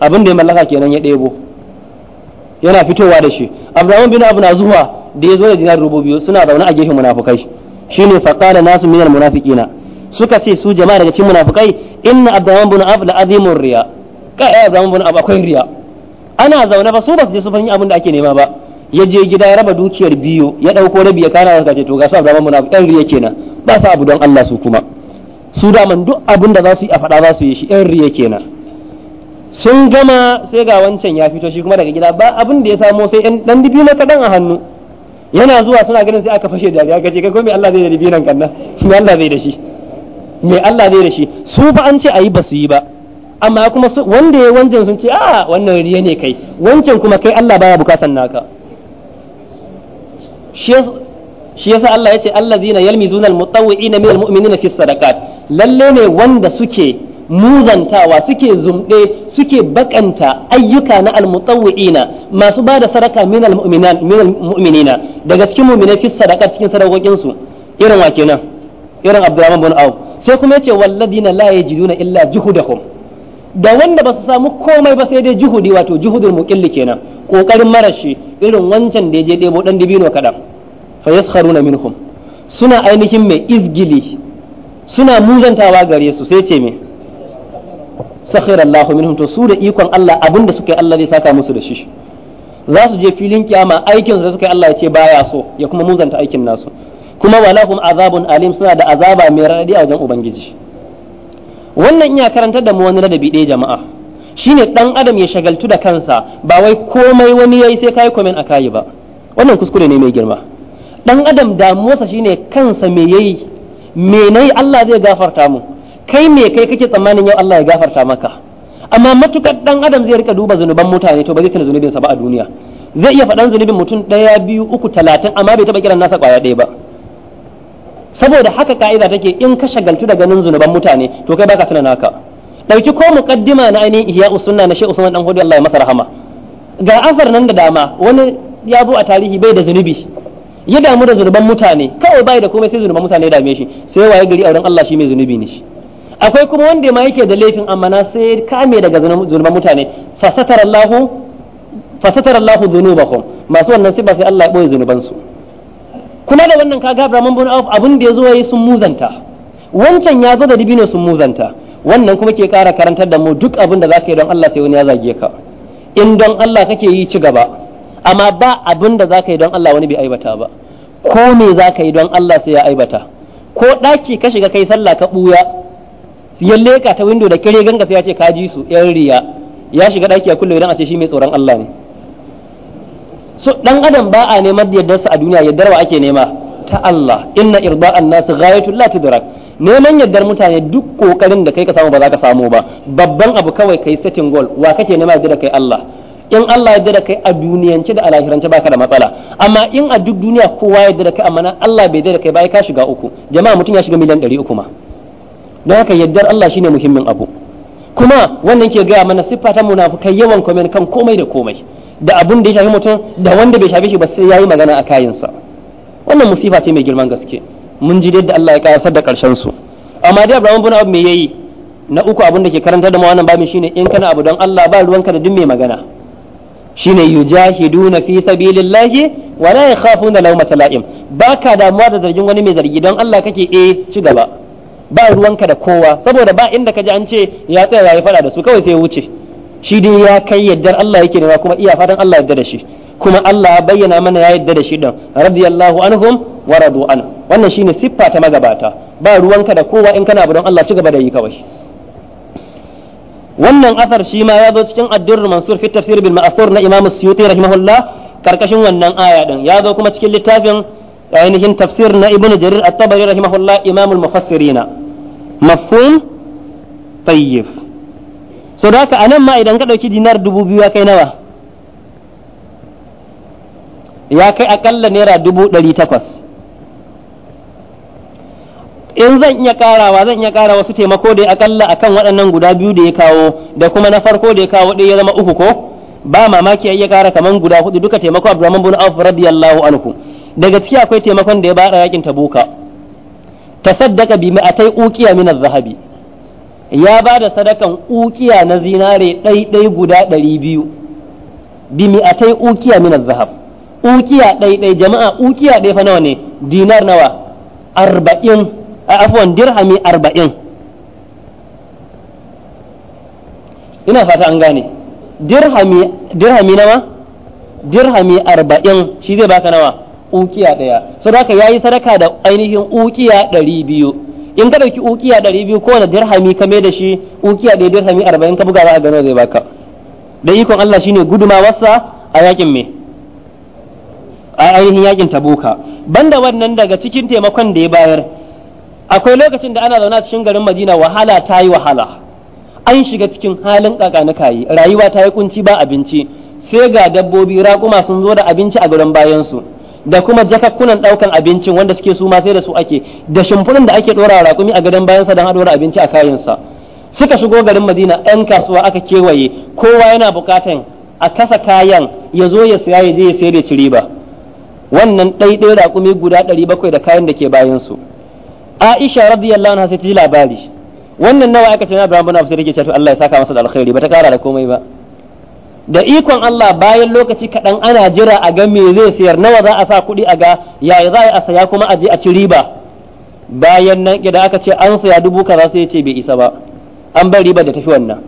abin da ya mallaka kenan ya ɗebo yana fitowa da shi abdullahi bin abu na zuwa da ya zo da dinar rubu biyu suna zaune a gefen munafukai shine faqala nasu minal na suka ce su jama'a daga cikin munafukai inna abdullahi bin abu la azimur riya yi abdullahi bin abu akwai riya ana zaune ba su ba su je su fahimci abin da ake nema ba ya je gida ya raba dukiyar biyu ya ɗauko rabi ya kana wasu kace to ga su abdullahi bin abu ɗan riya kenan ba su abu don Allah su kuma su daman duk abin da za su yi a faɗa za su yi shi yan riya kenan sun gama sai ga wancan ya fito shi kuma daga gida ba abin da ya samo sai dan dibi na kadan a hannu yana zuwa suna ganin sai aka fashe dariya kace kai ko me Allah zai da dibi nan kanna me Allah zai da shi me Allah zai da shi su ba an ce ayi ba su yi ba amma kuma wanda ya wancan sun ce a ah, wannan riya ne kai wancan kuma kai Allah baya bukatan naka shi yasa Allah yace allazina yalmizuna almutawwi'ina minal mu'minina fi sadaqat lalle ne wanda suke muzantawa suke zumɗe suke bakanta ayyuka na almutawwi'ina masu ba da sadaka min almu'minina daga cikin mu'minai fi sadaka cikin sadakokin su irin wa kenan irin Abdurrahman bin Auf sai kuma yace walladina la yajiduna illa juhudahum da wanda ba su samu komai ba sai dai juhudi wato juhudul muqilli kenan kokarin marashi irin wancan da yaje debo dan dibino kadan fa yaskharuna minhum suna ainihin mai izgili suna muzantawa gare su sai ce me sakhira Allahu minhum to su da ikon Allah abinda suka yi Allah zai saka musu da shi za su je filin kiyama aikin su da suka yi Allah ya ce baya so ya kuma muzanta aikin nasu kuma walahum azabun alim suna da azaba mai raɗaɗi a wajen ubangiji wannan iya karantar da mu wani ladabi ɗaya jama'a shine dan adam ya shagaltu da kansa ba wai komai wani yayi sai kai comment a yi ba wannan kuskure ne mai girma dan adam da damuwarsa shine kansa me yayi me nayi Allah zai gafarta mu kai me kai kake tsammanin yau Allah ya gafarta maka amma matukar dan adam zai rika duba zunuban mutane to ba zai tuna zunubinsa ba a duniya zai iya faɗan zunubin mutum ɗaya biyu uku talatin amma bai taɓa kiran nasa ƙwaya ɗaya ba saboda haka ka'ida take in ka shagaltu da ganin zunuban mutane to kai baka tuna naka ɗauki ko muqaddima na ainihin ihya usunna na shehu usman dan hudu Allah ya masa rahama ga afar nan da dama wani ya zo a tarihi bai da zunubi ya damu da zunuban mutane kawai bai da komai sai zunuban mutane ya dame shi sai waye gari auren Allah shi mai zunubi ne shi akwai kuma wanda ma yake da laifin amma na sai kame daga zunuban mutane fasatar Allahu fasatar Allahu dhunubakum masu wannan sai ba sai Allah ya boye zunuban kuma da wannan kaga Abraham bin Auf abin da zo yayi sun muzanta wancan ya zo da dibino sun muzanta wannan kuma ke kara karantar da mu duk abin da zaka yi don Allah sai wani ya zage ka in don Allah kake yi ci gaba amma ba abin da zaka yi don Allah wani bai aibata ba ko me zaka yi don Allah sai ya aibata ko daki ka shiga kai sallah ka buya. ya leka ta windo da kire ganga sai ya ce ka ji su yan riya ya shiga daki ya kullum idan a ce shi mai tsoron Allah ne so dan adam ba a neman su a duniya yardar wa ake nema ta Allah inna irba nas ghayatul la tudrak neman yadda mutane duk kokarin da kai ka samu ba za ka samu ba babban abu kawai kai setting goal wa kake nema yarda da kai Allah in Allah yadda da kai a duniyance da alahirance baka da matsala amma in a duk duniya kowa yadda da kai amma Allah bai yadda da kai ba ka shiga uku jama'a mutum ya shiga miliyan 300 ma don haka yaddar Allah shine muhimmin abu kuma wannan ke gaya mana siffa ta munafukai yawan komen kan komai da komai da abun da ya shafi mutum da wanda bai shafi shi ba sai yayi magana a kayansa wannan musifa ce mai girman gaske mun ji da Allah ya kayasar da karshen su amma dai Abraham bin Abu me yayi na uku abun da ke karanta da mu wannan babin shine in kana abu don Allah ba ruwanka da duk mai magana shine yujahiduna fi sabilillahi wa la yakhafuna lawmata la'im baka damuwa da zargin wani mai zargi don Allah kake eh ci gaba ba ruwanka da kowa saboda ba inda ka ji an ce ya tsaya ya fada da su kawai sai ya wuce shi dai ya kai yaddar Allah yake nema kuma iya fatan Allah yadda da shi kuma Allah ya bayyana mana ya yadda da shi dan radiyallahu anhum wa radu an wannan shine siffa ta magabata ba ruwanka da kowa in kana don Allah ci gaba da yi kawai wannan asar shi ma ya zo cikin addurr mansur fi tafsir bil ma'thur na imam suyuti rahimahullah karkashin wannan aya din ya zo kuma cikin littafin ainihin tafsir na ibnu jarir at-tabari rahimahullah imamul mufassirin mafhum tayyib so da haka anan ma idan ka dauki dinar dubu biyu kai nawa ya kai akalla naira dubu ɗari takwas in zan iya karawa zan iya kara wasu taimako da ya akalla akan waɗannan guda biyu da ya kawo da kuma na farko da ya kawo ɗaya ya zama uku ko ba mamaki ya iya kara kaman guda hudu duka taimako Abdurrahman bin Auf radiyallahu anhu daga ciki akwai taimakon da ya bada yakin tabuka saddaka bi ma'atai uqiya min zahabi ya ba da sadakan uqiya na zinare ɗaiɗai guda ɗari biyu bi ma'atai uqiya min zahab uqiya ɗaiɗai jama'a uqiya ɗaya fa nawa ne dinar nawa arba'in afwan dirhami arba'in ina fata an gane dirhami dirhami nawa dirhami arba'in shi zai baka nawa ukiya daya da ya yayi sadaka da ainihin ukiya ɗari biyu in ka ɗauki ukiya ɗari biyu kowane dirhami ka da shi ukiya ɗaya dirhami arba'in ka buga za a gano zai baka da ikon Allah shine gudumawarsa a yakin me a ainihin yakin tabuka banda wannan daga cikin taimakon da ya bayar akwai lokacin da ana zaune a cikin garin Madina wahala ta yi wahala an shiga cikin halin yi. rayuwa ta yi kunci ba abinci sai ga dabbobi raƙuma sun zo da abinci a garin bayansu da kuma jakakkunan daukan abincin wanda suke su ma sai da su ake da shimfurin da ake dora raƙumi a gadon bayansa don haɗuwar abinci a kayansa suka shigo garin madina ɗan kasuwa aka kewaye kowa yana bukatan a kasa kayan ya zo ya siya ya je ya sayar da ci riba wannan ɗaiɗai raƙumi guda ɗari bakwai da kayan da ke bayansu aisha radiyallahu anha sai ta ji labari wannan nawa aka ce na ibrahim bin sai take cewa Allah ya saka masa da alkhairi bata kara da komai ba da ikon Allah bayan lokaci kaɗan ana jira a ga me zai sayar nawa za a sa kuɗi a ga yaya za a saya kuma a je a ci riba bayan nan idan aka ce an saya dubu kaza sai ya ce bai isa ba an bar riba da tafi wannan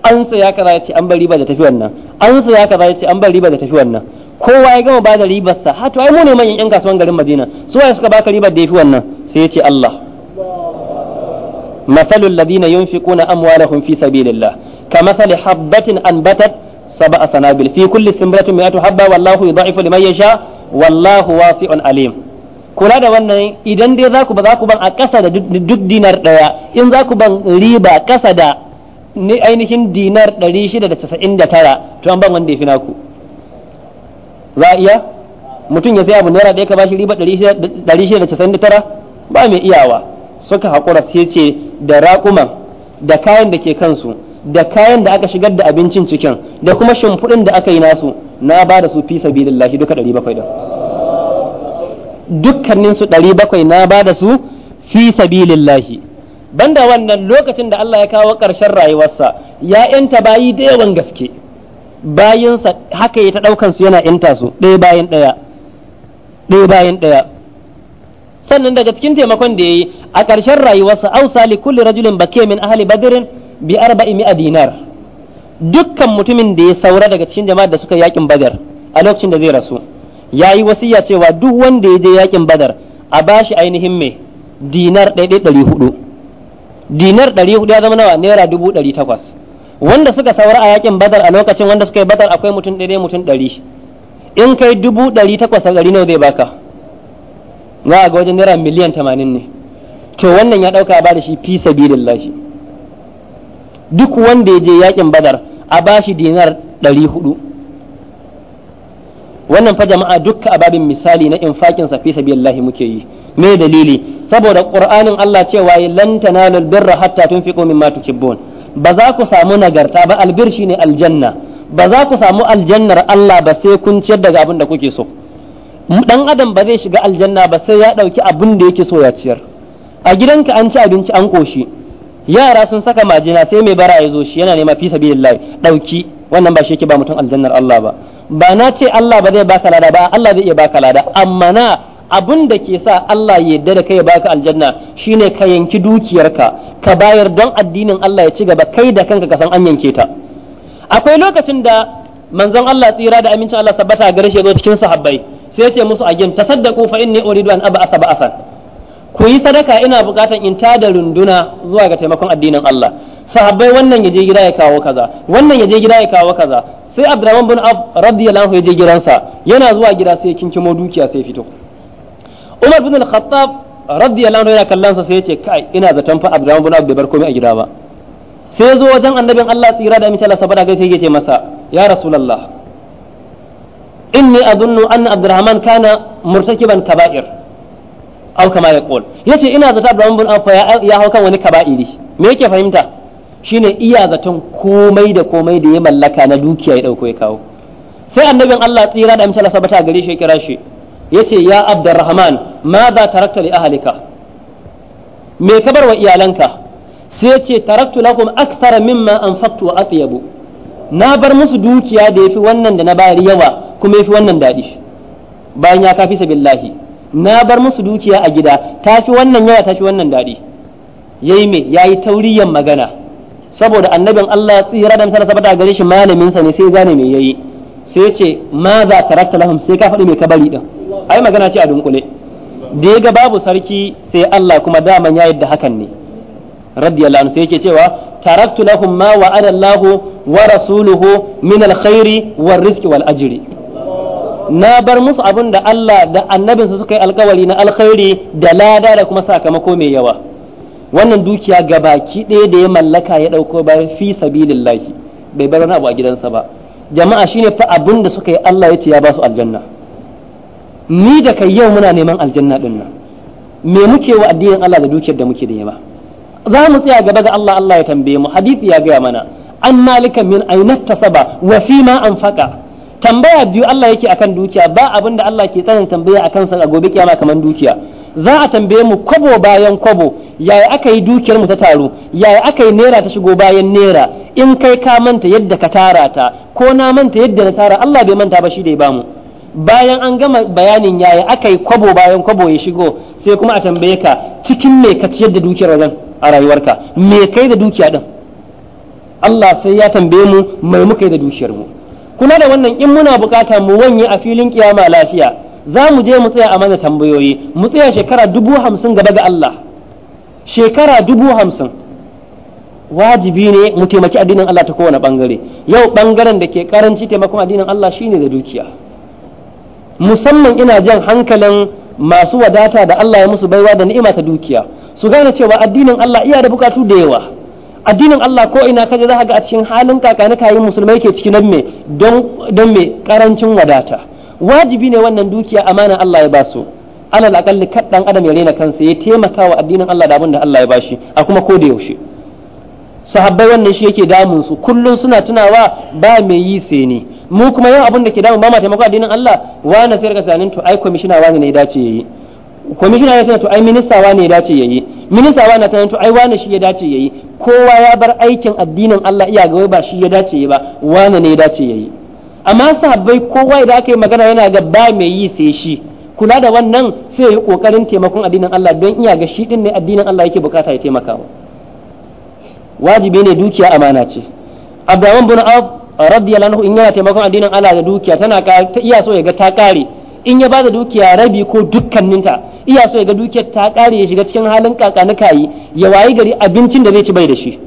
an saya kaza ya ce an bar riba da tafi wannan an saya kaza ya ce an bar riba da tafi wannan kowa ya gama bada ribar sa ha to ai mu ne manyan yan kasuwan garin Madina su waye suka baka ribar da yafi wannan sai ya ce Allah مثل ladina yunfiquna amwalahum fi sabilillah kamathali habatin anbatat sab'a sanabil fi kulli simratin mi'atu habba wallahu yudha'ifu liman yasha wallahu wasi'un alim kula da wannan idan dai zaku ba zaku ban a ƙasa da duk dinar ɗaya in zaku ban riba ƙasa da ni ainihin dinar da 699 to an ban wanda ya fi naku za a iya mutum ya sai abu naira ɗaya ka bashi riba 699 ba mai iyawa suka haƙura sai ce da raƙuman da kayan da ke kansu da kayan da aka shigar da abincin cikin da kuma shimfiɗin da aka yi nasu na ba da su fi sabilillahi duka ɗari bakwai ɗin dukkanin su ɗari bakwai na ba da su fi sabilillahi banda wannan lokacin da Allah ya kawo ƙarshen rayuwarsa ya yanta bayi da yawan gaske bayinsa haka ya ta ɗaukan su yana yanta su ɗaya bayan ɗaya ɗaya bayan ɗaya sannan daga cikin taimakon da ya yi a ƙarshen rayuwarsa ausali kulli rajulin bakemin min ahli badrin bi arba'i mi'a dinar dukkan mutumin da ya saura daga cikin jama'ar da suka yakin badar a lokacin da zai rasu ya yi wasiya cewa duk wanda ya je yakin badar a bashi ainihin me dinar ɗaiɗai ɗari huɗu dinar ɗari huɗu ya zama nawa naira dubu ɗari takwas wanda suka saura a yakin badar a lokacin wanda suka yi badar akwai mutum ɗaiɗai mutum ɗari in kai dubu ɗari takwas ɗari nawa zai baka za a ga wajen naira miliyan tamanin ne to wannan ya ɗauka ba da shi fi sabilillahi duk wanda ya je yakin badar a ba shi dinar ɗari hudu wannan fa jama'a a babin misali na infakin sa fi sabilillahi muke yi me dalili saboda ƙur'anin Allah cewa lan tanalul birra hatta tunfiqu mimma tuhibbun ba za ku samu nagarta ba albir ne aljanna ba za ku samu aljannar Allah ba sai kun ciyar daga abin da kuke so dan adam ba zai shiga aljanna ba sai ya ɗauki abin da yake so ya ciyar a gidanka an ci abinci an ƙoshi. yara sun saka majina sai mai bara ya zo shi yana nema fi sabilillah dauki wannan ba shi yake ba mutum aljannar Allah ba ba na ce Allah ba zai baka lada ba Allah zai iya baka lada amma na abun da ke sa Allah ya yarda da kai ya baka aljanna shine ka yanki dukiyarka ka bayar don addinin Allah ya ci gaba kai da kanka ka san an yanke ta akwai lokacin da manzon Allah tsira da amincin Allah sabbata gare shi ya zo cikin sahabbai sai ya ce musu a gin tasaddaqu fa inni uridu an ab'atha Asar. ku yi sadaka ina bukatan in da runduna zuwa ga taimakon addinin Allah sahabbai wannan ya je gida ya kawo kaza wannan ya je gida ya kawo kaza sai Abdurrahman bin Auf radiyallahu yaje ya je gidansa yana zuwa gida sai kinkimo dukiya sai fito Umar bin Al-Khattab radiyallahu anhu yana kallon sa sai ya ce kai ina zaton fa Abdurrahman bin Auf bai bar komai a gida ba sai ya zo wajen annabin Allah tsira da amince Allah sabada gaishe sai ce masa ya rasulullah inni adunnu anna Abdurrahman kana murtakiban kaba'ir aw kama yaqul yace ina zata Abdurrahman bin afa ya hau kan wani kaba'iri me yake fahimta shine iya zaton komai da komai da ya mallaka na dukiya ya dauko ya kawo sai annabin Allah tsira da amsala sabata gare shi ya kira shi yace ya Abdurrahman ma za tarakta li ahlika me ka bar wa iyalanka sai yace taraktu lakum akthara mimma anfaqtu wa atyabu na bar musu dukiya da yafi wannan da na bayar yawa kuma yafi wannan dadi bayan ya kafi sabillahi na bar musu dukiya a gida tafi wannan yawa tafi wannan daɗi yayi me yayi tauriyan magana saboda annabin Allah ya tsira da misalin saboda gare shi malamin sa ne sai gane me yayi sai ce ma za tarakta lahum sai ka faɗi me ka bari din ai magana ce a dunkule da ya ga babu sarki sai Allah kuma daman ya yadda hakan ne radiyallahu anhu sai yake cewa taraktu lahum ma wa'ada Allahu wa rasuluhu min alkhairi war rizqi wal ajri na bar musu abin da Allah da annabinsa suka yi alkawari na alkhairi da lada da kuma sakamako mai yawa wannan dukiya ga baki ɗaya da ya mallaka ya ɗauko ba fi lahi bai bar wani abu a gidansa ba jama'a shine fa abin da suka yi Allah ya ce ya ba su aljanna ni da kai yau muna neman aljanna din nan me muke wa addinin Allah da dukiyar da muke da yawa za mu tsaya gaba ga Allah Allah ya tambaye mu hadisi ya gaya mana an malika min ainat tasaba wa fi ma anfaqa tambaya biyu Allah yake akan dukiya ba abin da Allah ke tsanin tambaya a kansa a gobe kiyama kamar dukiya za a tambaye mu kwabo bayan kwabo yaya aka yi dukiyar mu ta taru yaya aka yi naira ta shigo bayan naira in kai ka manta yadda ka tara ta ko na manta yadda na tara Allah bai manta ba shi da ya bamu bayan an gama bayanin yaya aka yi kwabo bayan kwabo ya shigo sai kuma a tambaye ka cikin me ka ciyar da dukiyar wajen a rayuwarka me kai da dukiya din Allah sai ya tambaye mu mai muka yi da dukiyar mu kula da wannan in muna bukata mu wanye a filin kiyama lafiya za mu je mu tsaya a mana tambayoyi mu tsaya shekara dubu hamsin gaba ga Allah shekara dubu hamsin wajibi ne mu taimaki addinin Allah ta kowane bangare yau bangaren da ke karanci taimakon addinin Allah shine da dukiya musamman ina jan hankalin masu wadata da Allah ya musu baiwa da ni'ima ta dukiya su gane cewa addinin Allah iya da bukatu da yawa addinin Allah ko ina kaje za ga a cikin halin kakani kayan musulmai ke ciki don me don me karancin wadata wajibi ne wannan dukiya amana Allah ya basu alal akalli kaddan adam ya rena kansa ya taimaka wa addinin Allah da abin da Allah ya bashi a kuma ko da yaushe sahabbai wannan shi yake damun su kullun suna tunawa ba mai yi sai ni mu kuma yau abin da ke damun ba ma taimako addinin Allah na sai ka sanin to ai kwamishina wani ne ya dace yayi kwamishina ya to ai ministawa ne ya dace yayi ministawa na tunanin to ai wane shi ya dace yayi kowa ya bar aikin addinin Allah iya ga ba shi ya dace yayi ba wane ne ya dace yayi amma sahabbai kowa idan aka yi magana yana ga ba mai yi sai shi kula da wannan sai yi kokarin taimakon addinin Allah don iya ga shi din ne addinin Allah yake bukata ya taimaka wajibi ne dukiya amana ce Abdurrahman bin Auf radiyallahu anhu in yana taimakon addinin Allah da dukiya tana ta iya so ya ga ta kare in ya ba da dukiya rabi ko dukkaninta iya so ya ga dukiyar ta kare ya shiga cikin halin kakanuka yi ya wayi gari abincin da zai ci bai da shi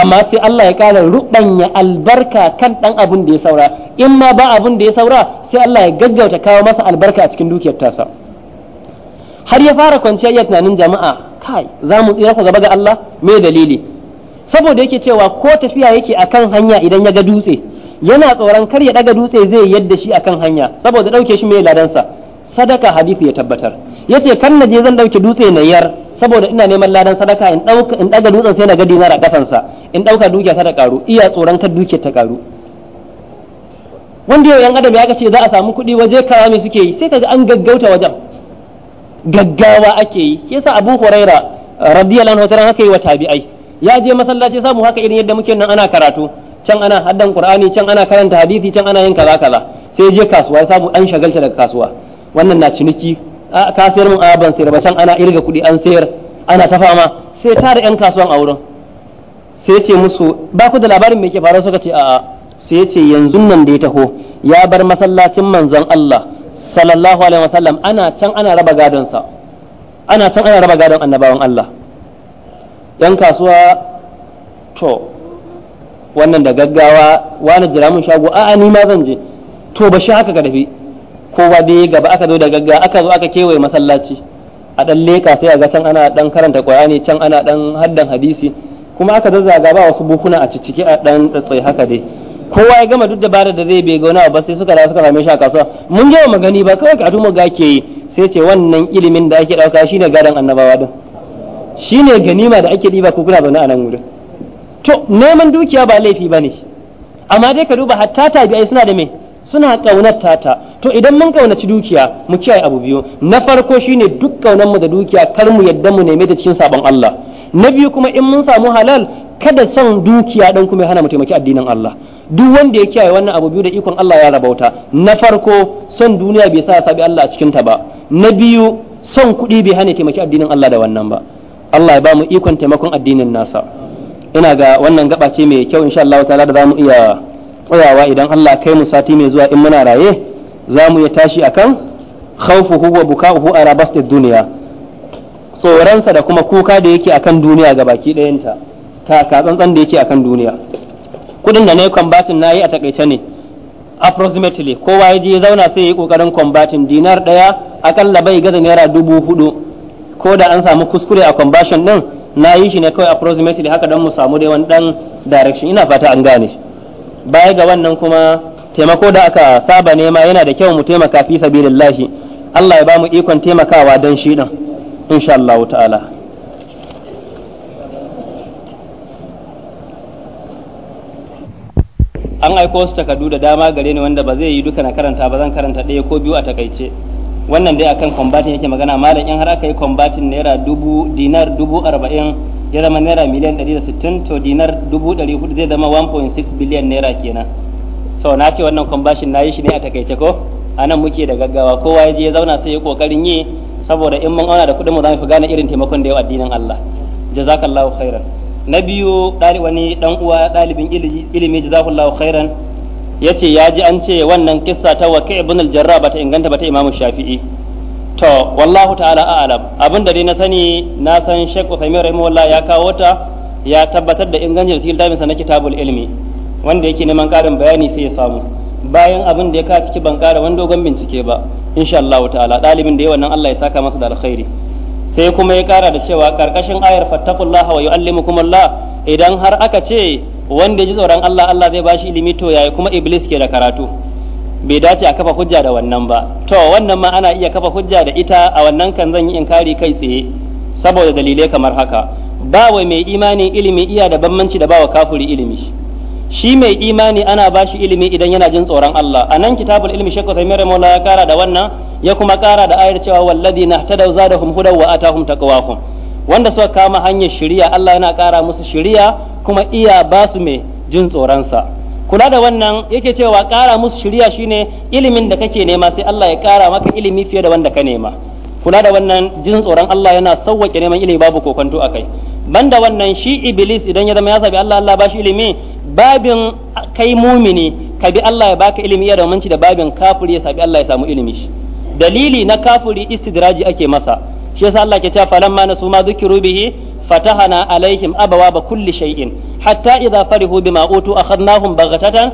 amma sai Allah ya kara ya albarka kan dan abun da ya saura in ma ba abun da ya saura sai Allah ya gaggauta kawo masa albarka a cikin dukiyar tasa har ya fara kwanciya ya tunanin jama'a kai za mu tsira ku gaba ga Allah me dalili saboda yake cewa ko tafiya yake akan hanya idan ya ga dutse yana tsoron kar ya daga dutse zai yadda shi akan hanya saboda ɗauke shi mai ladansa sadaka hadisi ya tabbatar yace kan naje zan dauke dutse na yar saboda ina neman ladan sadaka in dauka in daga dutsen sai na ga dinar a kasan sa in dauka dukiya ta karu iya tsoron ka dukiya ta karu wanda yau yan adam ya za a samu kuɗi waje kaza me suke yi sai kaga an gaggauta wajen gaggawa ake yi yasa Abu Huraira radiyallahu anhu taran haka yi wa tabi'ai ya je masallaci samu haka irin yadda muke nan ana karatu can ana haddan Qur'ani can ana karanta hadisi can ana yin kaza kaza sai je kasuwa ya samu an shagalta daga kasuwa wannan na ciniki ka sayar mun a ban sayar ba can ana irga kuɗi an sayar ana ta fama sai tare yan kasuwan a wurin sai ce musu ba ku da labarin me ke faru suka ce a'a sai ce yanzu nan da ya taho ya bar masallacin manzon Allah sallallahu alaihi wasallam ana can ana raba gadon sa ana can ana raba gadon annabawan Allah yan kasuwa to wannan da gaggawa wani jira mun shago a'a ni ma zan je to ba shi haka ka dafi kowa da ya gaba aka zo da gagga aka zo aka kewaye masallaci a dan leka sai a ga can ana dan karanta qur'ani can ana dan haddan hadisi kuma aka zazzaga ba wasu bukuna a ciciki a dan tsatsai haka dai kowa ya gama duk da dabarar da zai bai ga wani ba sai suka dawo suka same shi a kasuwa mun je mu gani ba kawai ka mu ga ke yi sai ce wannan ilimin da ake dauka shine gadan annabawa din shine ganima da ake diba ko kuna zaune a nan wurin to neman dukiya ba laifi bane amma dai ka duba hatta tabi'ai suna da me suna kaunata ta to idan mun kaunaci dukiya mu kiyaye abu biyu na farko shine duk ƙaunar mu da dukiya kar mu yadda mu neme da cikin sabon Allah na biyu kuma in mun samu halal kada son dukiya dan kuma hana mu taimaki addinin Allah duk wanda ya kiyaye wannan abu biyu da ikon Allah ya rabauta na farko son duniya bai sa sabi Allah a cikin ta ba na biyu son kuɗi bai hana taimaki addinin Allah da wannan ba Allah ya ba mu ikon taimakon addinin nasa ina ga wannan gaba ce mai kyau insha Allah ta'ala da za mu iya tsayawa idan Allah kai mu sati mai zuwa in muna raye za mu iya tashi akan buka wa a ala bastid duniya tsoronsa da kuma kuka da yake akan duniya ga baki ɗayanta ka tsantsan da yake akan duniya kudin da na yi kwambatin na yi a takaice ne approximately kowa ya je ya zauna sai ya yi kokarin kwambatin dinar ɗaya akalla bai gaza naira dubu hudu ko da an samu kuskure a kwambashin ɗin na yi shi ne kawai approximately haka don mu samu dai wani dan direction ina fata an gane baya ga wannan kuma taimako da aka saba nema yana da kyau mu taimaka fi sabilillahi Allah ya ba mu ikon taimakawa don shi din insha Allah ta'ala an aiko su takardu da dama gare ni wanda ba zai yi duka na karanta ba zan karanta ɗaya ko biyu a takaice wannan dai akan combatin yake magana malam in har aka yi combatin naira dubu dinar dubu arba'in ya zama naira miliyan 160 to dinar 400 zai zama 1.6 biliyan naira kenan sau na ce wannan kwambashin na yi shi ne a takaice ko a nan muke da gaggawa kowa ya je ya zauna sai ya kokarin yi saboda in mun auna da kuɗin mu za mu fi gane irin taimakon da yau addinin Allah jazakallahu khairan na biyu wani dan uwa dalibin ilimi jazakallahu khairan yace ya ji an ce wannan kissa ta waqi ibn al-jarrah bata inganta bata imamu shafi'i to wallahu ta'ala a'lam abin da dai na sani na san Sheikh Uthaymeen rahimahullah ya kawo ta ya tabbatar da ingancin cikin littafin sa na kitabul ilmi wanda yake neman karin bayani sai ya samu bayan abin da ya ka ciki ban kara wani dogon bincike ba insha Allah ta'ala dalibin da ya nan Allah ya saka masa da alkhairi sai kuma ya kara da cewa karkashin ayar fattaqullaha wa Allah idan har aka ce wanda ya ji tsoron Allah Allah zai bashi ilimi to yayi kuma iblis ke da karatu bai dace a kafa hujja da wannan ba to wannan ma ana iya kafa hujja da ita a wannan kan zan yi inkari kai tsaye saboda dalilai kamar haka ba wai mai imani ilimi iya da bambanci da bawa kafuri ilimi shi mai imani ana ba shi ilimi idan yana jin tsoron Allah a nan kitabul ilmi shekku sai mere ya kara da wannan ya kuma kara da ayar cewa wallazi na ta dauza da wa atahum taqwahum wanda suka kama hanyar shiriya Allah yana kara musu shiriya kuma iya ba su mai jin tsoron sa kula da wannan yake cewa ƙara musu shirya shine ilimin da kake nema sai Allah ya ƙara maka ilimi fiye da wanda ka nema kula da wannan jin tsoron Allah yana sauwake neman ilimi babu kokonto a akai banda wannan shi iblis idan ya zama ya sabi Allah Allah ba shi ilimi babin kai mumini ka bi Allah ya baka ilimi ya ci da babin kafiri ya sabi Allah ya samu ilimi shi dalili na kafiri istidraji ake masa shi yasa Allah ke cewa falamma nasu ma dhukiru bihi fatahana alaihim ba kulli shay'in hatta idza farihu bima utu akhadnahum baghatatan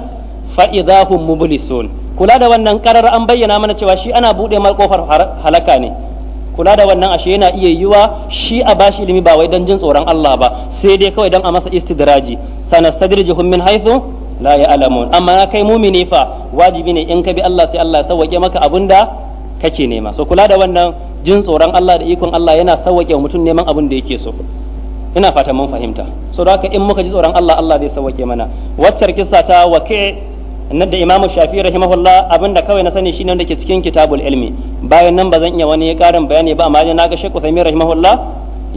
fa idza hum mublisun kula da wannan karar an bayyana mana cewa shi ana bude kofar halaka ne kula da wannan ashe yana iya yiwa shi a bashi ilimi ba wai dan jin tsoron Allah ba sai dai kawai dan a masa istidraji sanastadrijuhum min haythu la ya'lamun amma kai mumini fa wajibi ne in ka bi Allah sai Allah ya sauke maka abunda kake nema so kula da wannan jin tsoron Allah da ikon Allah yana sauwake wa mutum neman abin da yake so ina fata mun fahimta so da haka in muka ji tsoron Allah Allah zai sauwake mana waccar kissa ta na da Imam Shafi'i rahimahullah da kawai na sani shine wanda ke cikin kitabul ilmi bayan nan ba zan iya wani karin bayani ba amma na ga Sheikh Uthaymeen rahimahullah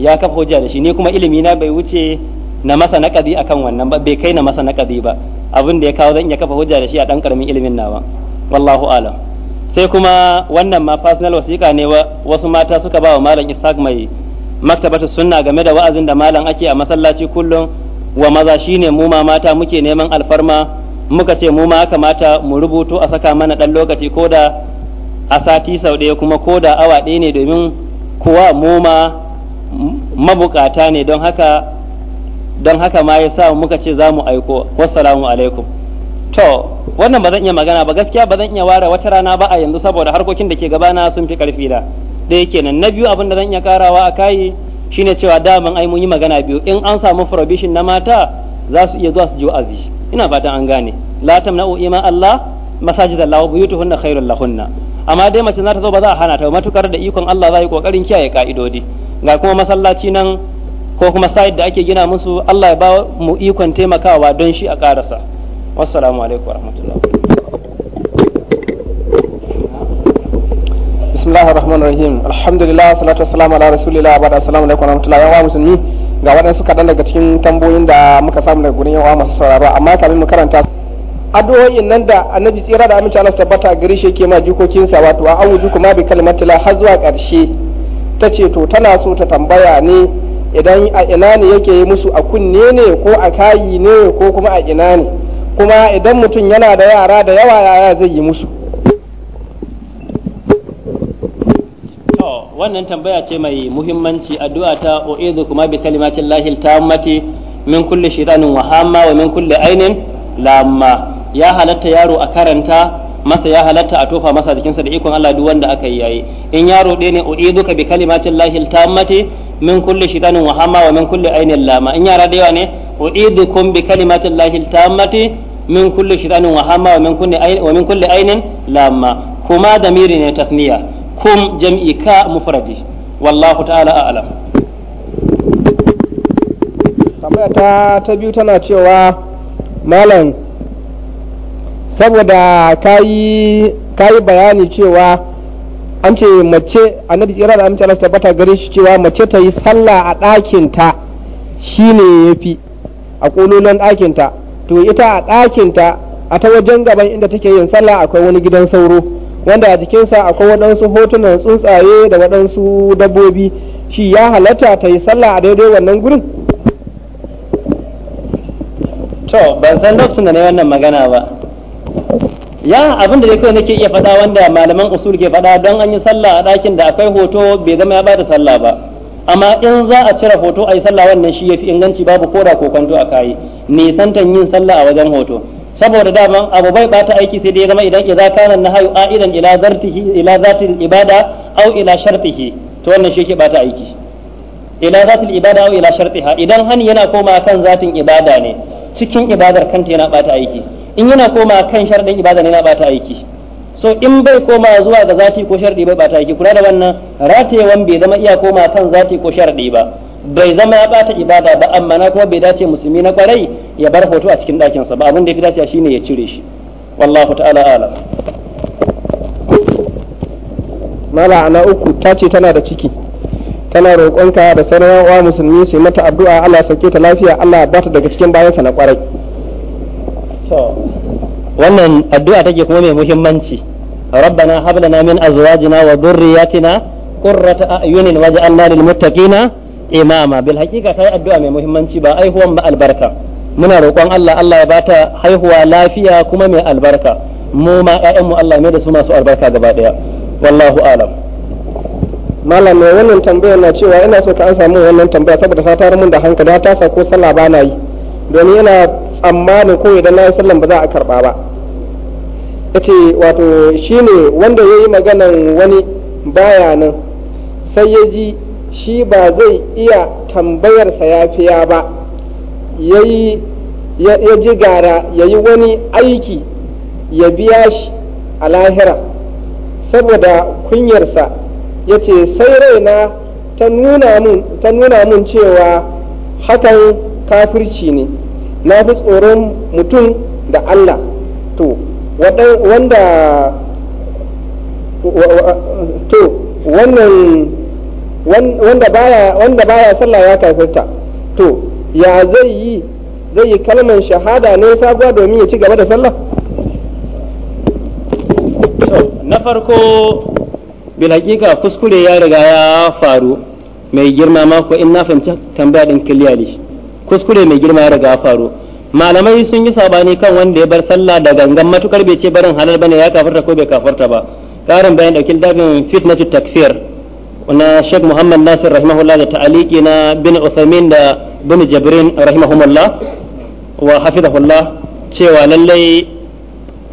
ya kafa hujja da shi ni kuma ilimi na bai wuce na masa naƙadi akan wannan ba bai kai na masa naƙadi ba abin da ya kawo zan iya kafa hujja da shi a dan karamin ilimin nawa wallahu alam sai kuma wannan ma personal wasiƙa ne wasu mata suka ba wa malam isaac mai maktabatu sunna game da wa'azin da malam ake a masallaci kullum wa maza shine mu ma mata muke neman alfarma muka ce mu ma kamata mu rubuto a saka mana ɗan lokaci ko da a sati sau ɗaya kuma ko da awa ɗaya ne domin kuwa mu mabukata ne don haka don haka ma ya sa muka ce za mu aiko wassalamu alaikum to wannan ba zan iya magana ba gaskiya ba zan iya ware wata rana ba a yanzu saboda harkokin da ke gabana sun fi karfi da yake nan na biyu abin da zan iya karawa a kai shine cewa daman ai mun yi magana biyu in an samu prohibition na mata za su iya zuwa su ji wa'azi ina fatan an gane la tamna'u ima Allah masajid Allah buyutuhunna khairul lahunna amma dai mace za ta zo ba za a hana ta matukar da ikon Allah za yi kokarin kiyaye ka'idodi ga kuma masallaci nan ko kuma sa'id da ake gina musu Allah ya ba mu ikon taimakawa don shi a karasa wassalamu alaikum wa warahmatullahi bismillahir rahmanir rahim alhamdulillah salatu wassalamu ala rasulillah wa assalamu alaikum wa rahmatullah yawa musulmi ga waɗansu kaɗan daga cikin tambayoyin da muka samu daga gurin yawa masu sauraro amma kafin mu karanta addu'o'in nan da annabi tsira da aminci Allah tabbata a gare shi yake ma jikokinsa wato a awuju kuma bi kalmatila har zuwa ƙarshe ta ce to tana so ta tambaya ne idan a ina ne yake yi musu a kunne ne ko a kayi ne ko kuma a ina ne kuma idan mutum yana da yara da yawa yaya zai yi musu wannan tambaya ce mai muhimmanci addu'a ta u'idhu kuma bi kalimatin lahil tammati min kulli shaytanin wa hamma wa min kulli ainin lamma ya halatta yaro a karanta masa ya halatta a tofa masa jikinsa da ikon Allah duk wanda aka yi yayi in yaro ɗaya ne ka bi kalimatin lahil tammati min kulli shaytanin wa hamma wa min kulli ainin lama in yara da yawa ne أعيدكم bi الله التامة من كل shiranin wa ومن كل min kulli ainin wa min kulli ainin lamma kuma damiri ne tasniya kum jam'i ka mufradi wallahu ta'ala a'lam ta ta biyu tana kayi bayani cewa an ce mace annabi tsira da amince Allah tabbata gare shi cewa mace ta yi sallah a ɗakin ta ya fi. a kululan ɗakinta to ita a ɗakinta a ta wajen gaban inda take yin sallah akwai wani gidan sauro wanda a jikinsa akwai waɗansu hotunan tsuntsaye da waɗansu dabbobi shi ya halatta ta yi sallah a daidai wannan gurin to ban san lokacin da na wannan magana ba ya abin da kawai nake iya faɗa wanda malaman usul ke faɗa don an yi sallah a ɗakin da akwai hoto bai zama ya bada sallah ba amma in za a cire hoto a yi sallah wannan shi yafi inganci babu koda ko kwanto a kayi nisantan yin sallah a wajen hoto saboda daman abu bai bata aiki sai dai zama idan idza kana nahayu aidan ila zartihi ila zatil ibada aw ila shartihi to wannan shi yake bata aiki ila zatil ibada aw ila shartiha idan hani yana koma kan zatin ibada ne cikin ibadar kanta yana bata aiki in yana koma kan sharadin ibada ne yana bata aiki so in bai koma zuwa ga zati ko sharɗi bai bata yake kula da wannan ratayewan bai zama iya koma kan zati ko sharɗi ba bai zama ya bata ibada ba amma na kuma bai dace musulmi na kwarai ya bar hoto a cikin ɗakinsa ba abin da ya fi dace shine ya cire shi wallahu ta'ala alam mala ana uku ta ce tana da ciki tana roƙonka da sauran uwa musulmi su mata addu'a Allah sauke ta lafiya Allah ya ta daga cikin bayansa na kwarai wannan addu'a take kuma mai muhimmanci rabbana hab lana min azwajina wa dhurriyyatina qurrata a'yunin waj'alna lil muttaqina imama bil haqiqa ta addu'a mai muhimmanci ba aihuwan ba albarka muna roƙon Allah Allah ya bata haihuwa lafiya kuma mai albarka mu ma ƴaƴanmu Allah mai da su masu albarka gaba daya wallahu alam malam mai wannan tambayar na cewa ina so ka an samu wannan tambaya saboda ta tarar mun da hankali ta sako sallah ba na yi domin yana ne ko idan na yi sallan ba za a karba ba yace wato shine wanda ya yi maganan wani baya nan sai ya ji shi ba zai iya tambayarsa ya fiya ba ya ji gara ya yi wani aiki ya biya shi a lahira saboda kunyarsa ya ce sai raina ta nuna mun cewa hakan kafirci ne na fi tsoron mutum da Allah to wanda to wannan wanda baya sallah ya kafirta to ya zai yi zai yi kalmar shahada ne sabuwa domin ya ci gaba da sallah na farko bil hakika kuskure ya riga ya faru mai girma mako in na fahimci tambaya din kiliyali kuskure mai girma ya riga malamai sun yi sabani kan wanda ya bar sallah da gangan matukar bai ce barin halal bane ya kafarta ko bai kafarta ba karin bayan daukin dabin fitnatu takfir na Sheikh Muhammad Nasir rahimahullah da ta'aliki na bin usamin da bin Jibrin rahimahullah wa hafizahullah cewa lallai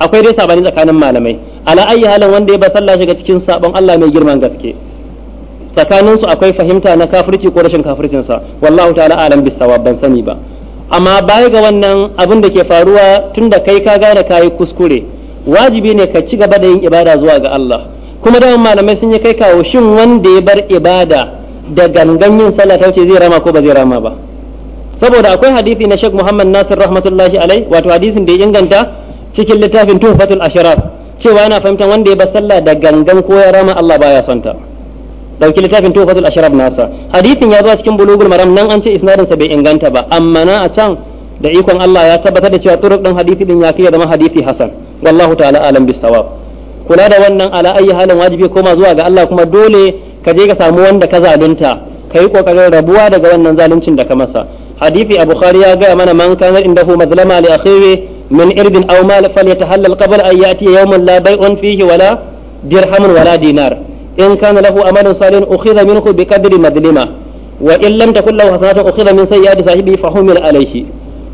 akwai dai sabani tsakanin malamai ala ayyi halin wanda ya bar sallah shiga cikin sabon Allah mai girman gaske tsakanin su akwai fahimta na kafirci ko rashin kafircin sa wallahu ta'ala alam bisawa ban sani ba amma baya ga wannan abin da ke faruwa tunda kai ka gane kayi kuskure wajibi ne ka ci gaba da yin ibada zuwa ga Allah kuma da malamai sun yi kai kawo shin wanda ya bar ibada da gangan yin sallah ta wuce zai rama ko ba zai rama ba saboda akwai hadisi na Sheikh Muhammad Nasir rahmatullahi alai wato hadisin da ya inganta cikin littafin Tuhfatul Ashraf cewa yana fahimtar wanda ya bar sallah da gangan ko ya rama Allah baya son ta dauki littafin a ashrab nasa hadisin ya zo cikin bulugul maram nan an ce isnadin sa bai inganta ba amma na a can da ikon Allah ya tabbatar da cewa turuk din hadisi din ya kai zama hadisi hasan wallahu ta'ala alam bisawab kula da wannan ala ayi halin wajibi koma zuwa ga Allah kuma dole ka je ka samu wanda ka zalunta kai kokarin rabuwa daga wannan zaluncin da ka masa hadisi abu bukhari ya gaya mana man kana indahu mazlama li akhihi min irdin aw mal falyatahallal qabla an ya'ti yawman la bay'un fihi wala dirhamun wala dinar in kana lahu amalun salihun ukhidha minhu kadri madlima wa in lam takul lahu hasanatun ukhidha min sayyiati sahibi fa humil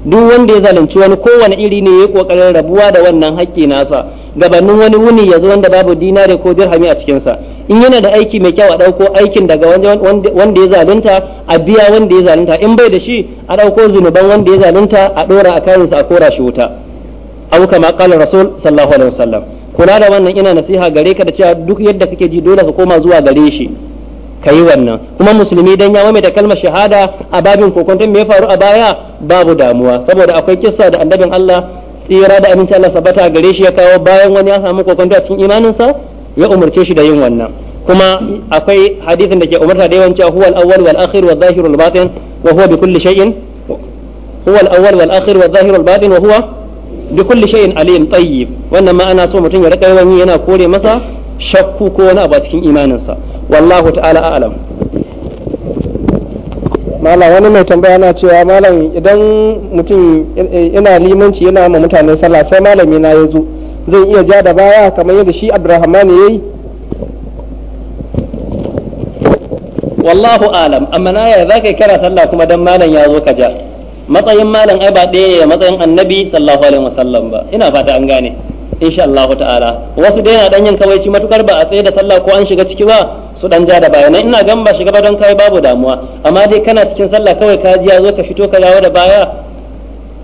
duk wanda ya zalunci wani kowane iri ne yi kokarin rabuwa da wannan haƙƙi nasa gabanin wani wuni ya zo wanda babu dinare ko dirhami a cikin sa in yana da aiki mai kyau a dauko aikin daga wanda ya zalunta a biya wanda ya zalunta in bai da shi a dauko zunuban wanda ya zalunta a dora a kayansa a kora shi wuta abu kama qala rasul sallallahu alaihi wasallam kula da wannan ina nasiha gare ka da cewa duk yadda kake ji dole ka koma zuwa gare shi ka yi wannan kuma musulmi dan ya da kalmar shahada a babin kokonton me ya faru a baya babu damuwa saboda akwai kissa da annabin Allah tsira da amincin Allah sabata gare shi ya kawo bayan wani ya samu kokonto a cikin imaninsa ya umarce shi da yin wannan kuma akwai hadisin da ke umarta da yawan cewa huwal awwal wal akhir wal zahir wal batin wa huwa bi kulli shay'in huwal awwal wal akhir wal zahir wal batin wa huwa bi kulli shay'in alim tayyib wannan ma'ana ana so mutum ya rika yawan yana kore masa shakku ko wani abu a cikin imaninsa wallahu ta'ala a'lam mala wani mai tambaya na cewa malam idan mutum yana limanci yana ma mutane sallah sai malami na yazo zo zai iya ja da baya kamar yadda shi abdurrahman yayi yi wallahu alam amma na ya za ka kira sallah kuma dan malam ya zo ka ja matsayin malam ai ba ɗaya ya matsayin annabi sallallahu alaihi wasallam ba ina fata an gane insha Allah ta'ala wasu da yana dan yin kawaici matukar ba a tsaye da sallah ko an shiga ciki ba su dan ja da baya na ina gan ba shiga ba don kai babu damuwa amma dai kana cikin sallah kawai ka ji ya zo ka fito ka dawo da baya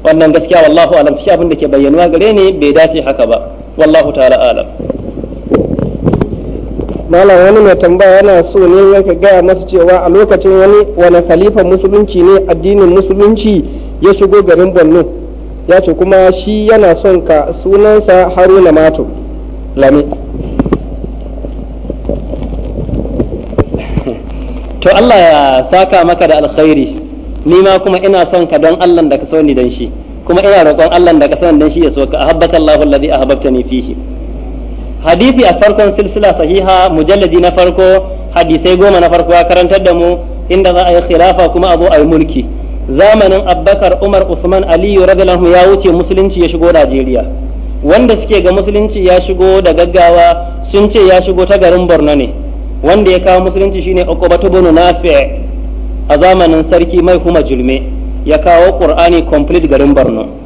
wannan gaskiya wallahu alam shi abin da ke bayyanuwa gare ni bai dace haka ba wallahu ta'ala alam malam wani mai tambaya yana so ne ya gaya masa cewa a lokacin wani wani khalifan musulunci ne addinin musulunci ya shigo garin borno ya ce kuma shi yana son ka sunansa haruna mato lami to allah ya saka maka da alkhairi ni ma kuma ina son ka don allah da ka so ni don shi kuma ina roƙon allah da ka so ni don shi ya so ka ahabbaka allahu alladhi ahabbtani fihi hadisi a farkon silsila sahiha mujalladi na farko hadisai goma na farko ya karantar da mu inda za a yi khilafa kuma abu a mulki zamanin abubakar umar usman aliyu radiyallahu ya wuce musulunci ya shigo najeriya wanda suke ga musulunci ya shigo da gaggawa sun ce ya shigo ta garin borno ne wanda ya kawo musulunci shine ukubatu bin nafi' a zamanin sarki mai kuma julme ya kawo qur'ani complete garin borno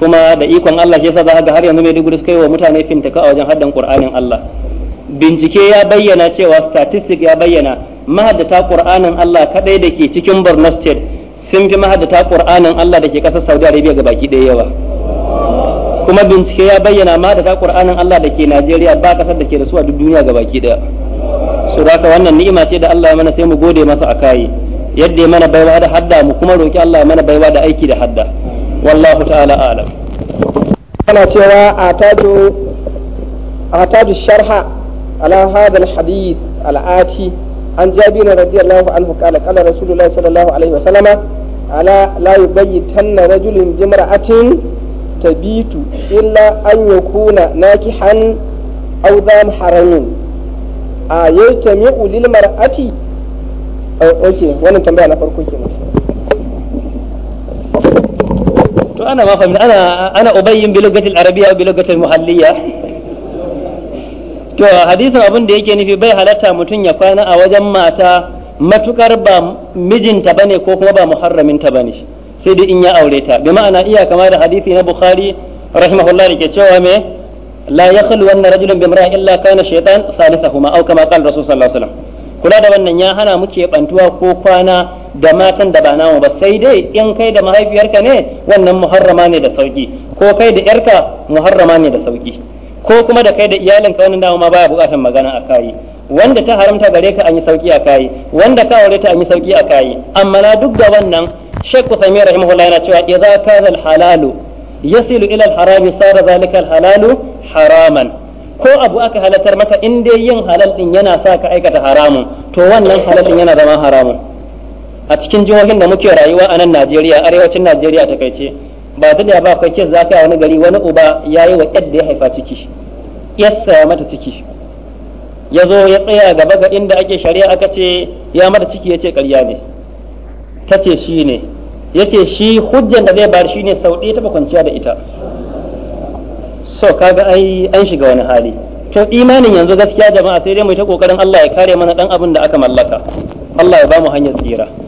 kuma da ikon Allah shi yasa za ga har yanzu Maiduguri suka yi wa mutane fintaka a wajen haddan Qur'anin Allah bincike ya bayyana cewa statistic ya bayyana mahaddata Qur'anin Allah kadai da ke cikin Borno state sun fi mahaddata Qur'anin Allah da ke kasar Saudi Arabia ga baki ɗaya yawa kuma bincike ya bayyana mahaddata Qur'anin Allah da ke Najeriya ba kasar da ke da su a duk duniya ga baki ɗaya su haka wannan ni'ima ce da Allah ya mana sai mu gode masa a kai yadda ya mana baiwa da hadda mu kuma roki Allah ya mana baiwa da aiki da hadda wallahu ta'ala alam ana cewa atadu atadu sharha ala hadha alhadith al'ati an jabir radiyallahu anhu qala qala rasulullah sallallahu alaihi wasallam ala la yubayyitanna rajulun bi imra'atin tabitu illa an yakuna naki aw dham haramin a yajtami'u lil mar'ati oh, ok wannan tambaya na farko kenan to ana ma fahimta ana ana ubayyin bi lugatil arabiyya bi lugatil muhalliya to hadisin abin da yake nufi bai halatta mutum ya kwana a wajen mata matukar ba mijinta bane ko kuma ba ta bane sai dai in ya aure ta bi ma'ana iya kama da hadisi na bukhari rahimahullah da ke cewa me la yakhlu anna rajulun bi imra'in illa kana shaytan salisuhuma aw kama qala rasul sallallahu alaihi wasallam kula da wannan ya hana muke bantuwa ko kwana da matan da ba namu ba sai dai in kai da mahaifiyarka ne wannan muharrama ne da sauki ko kai da yarka muharrama ne da sauki ko kuma da kai da iyalinka wannan dama ma baya bukatar magana a kayi wanda ta haramta gare ka an yi sauki a kayi wanda ka aure ta an yi sauki a kayi amma na duk da wannan shekku samir rahimahullah yana cewa idza kaza al halalu yasilu ila al harami sara zalika al halalu haraman ko abu aka halatar maka in dai yin halal din yana sa ka aikata haramun to wannan halal din yana zama haramun a cikin jihohin da muke rayuwa a nan Najeriya arewacin Najeriya ta kai ba ta da ba kai ce za ka wani gari wani uba ya yi wa yadda ya haifa ciki ya ya mata ciki ya zo ya tsaya gaba ga inda ake shari'a aka ce ya mata ciki ya ce karya ne ta ce shi ne ya ce shi hujjan da zai bar shi ne sau ɗaya taɓa kwanciya da ita so kaga ai an shiga wani hali to imanin yanzu gaskiya jama'a sai dai mu yi ta kokarin Allah ya kare mana dan abin da aka mallaka Allah ya ba mu hanyar tsira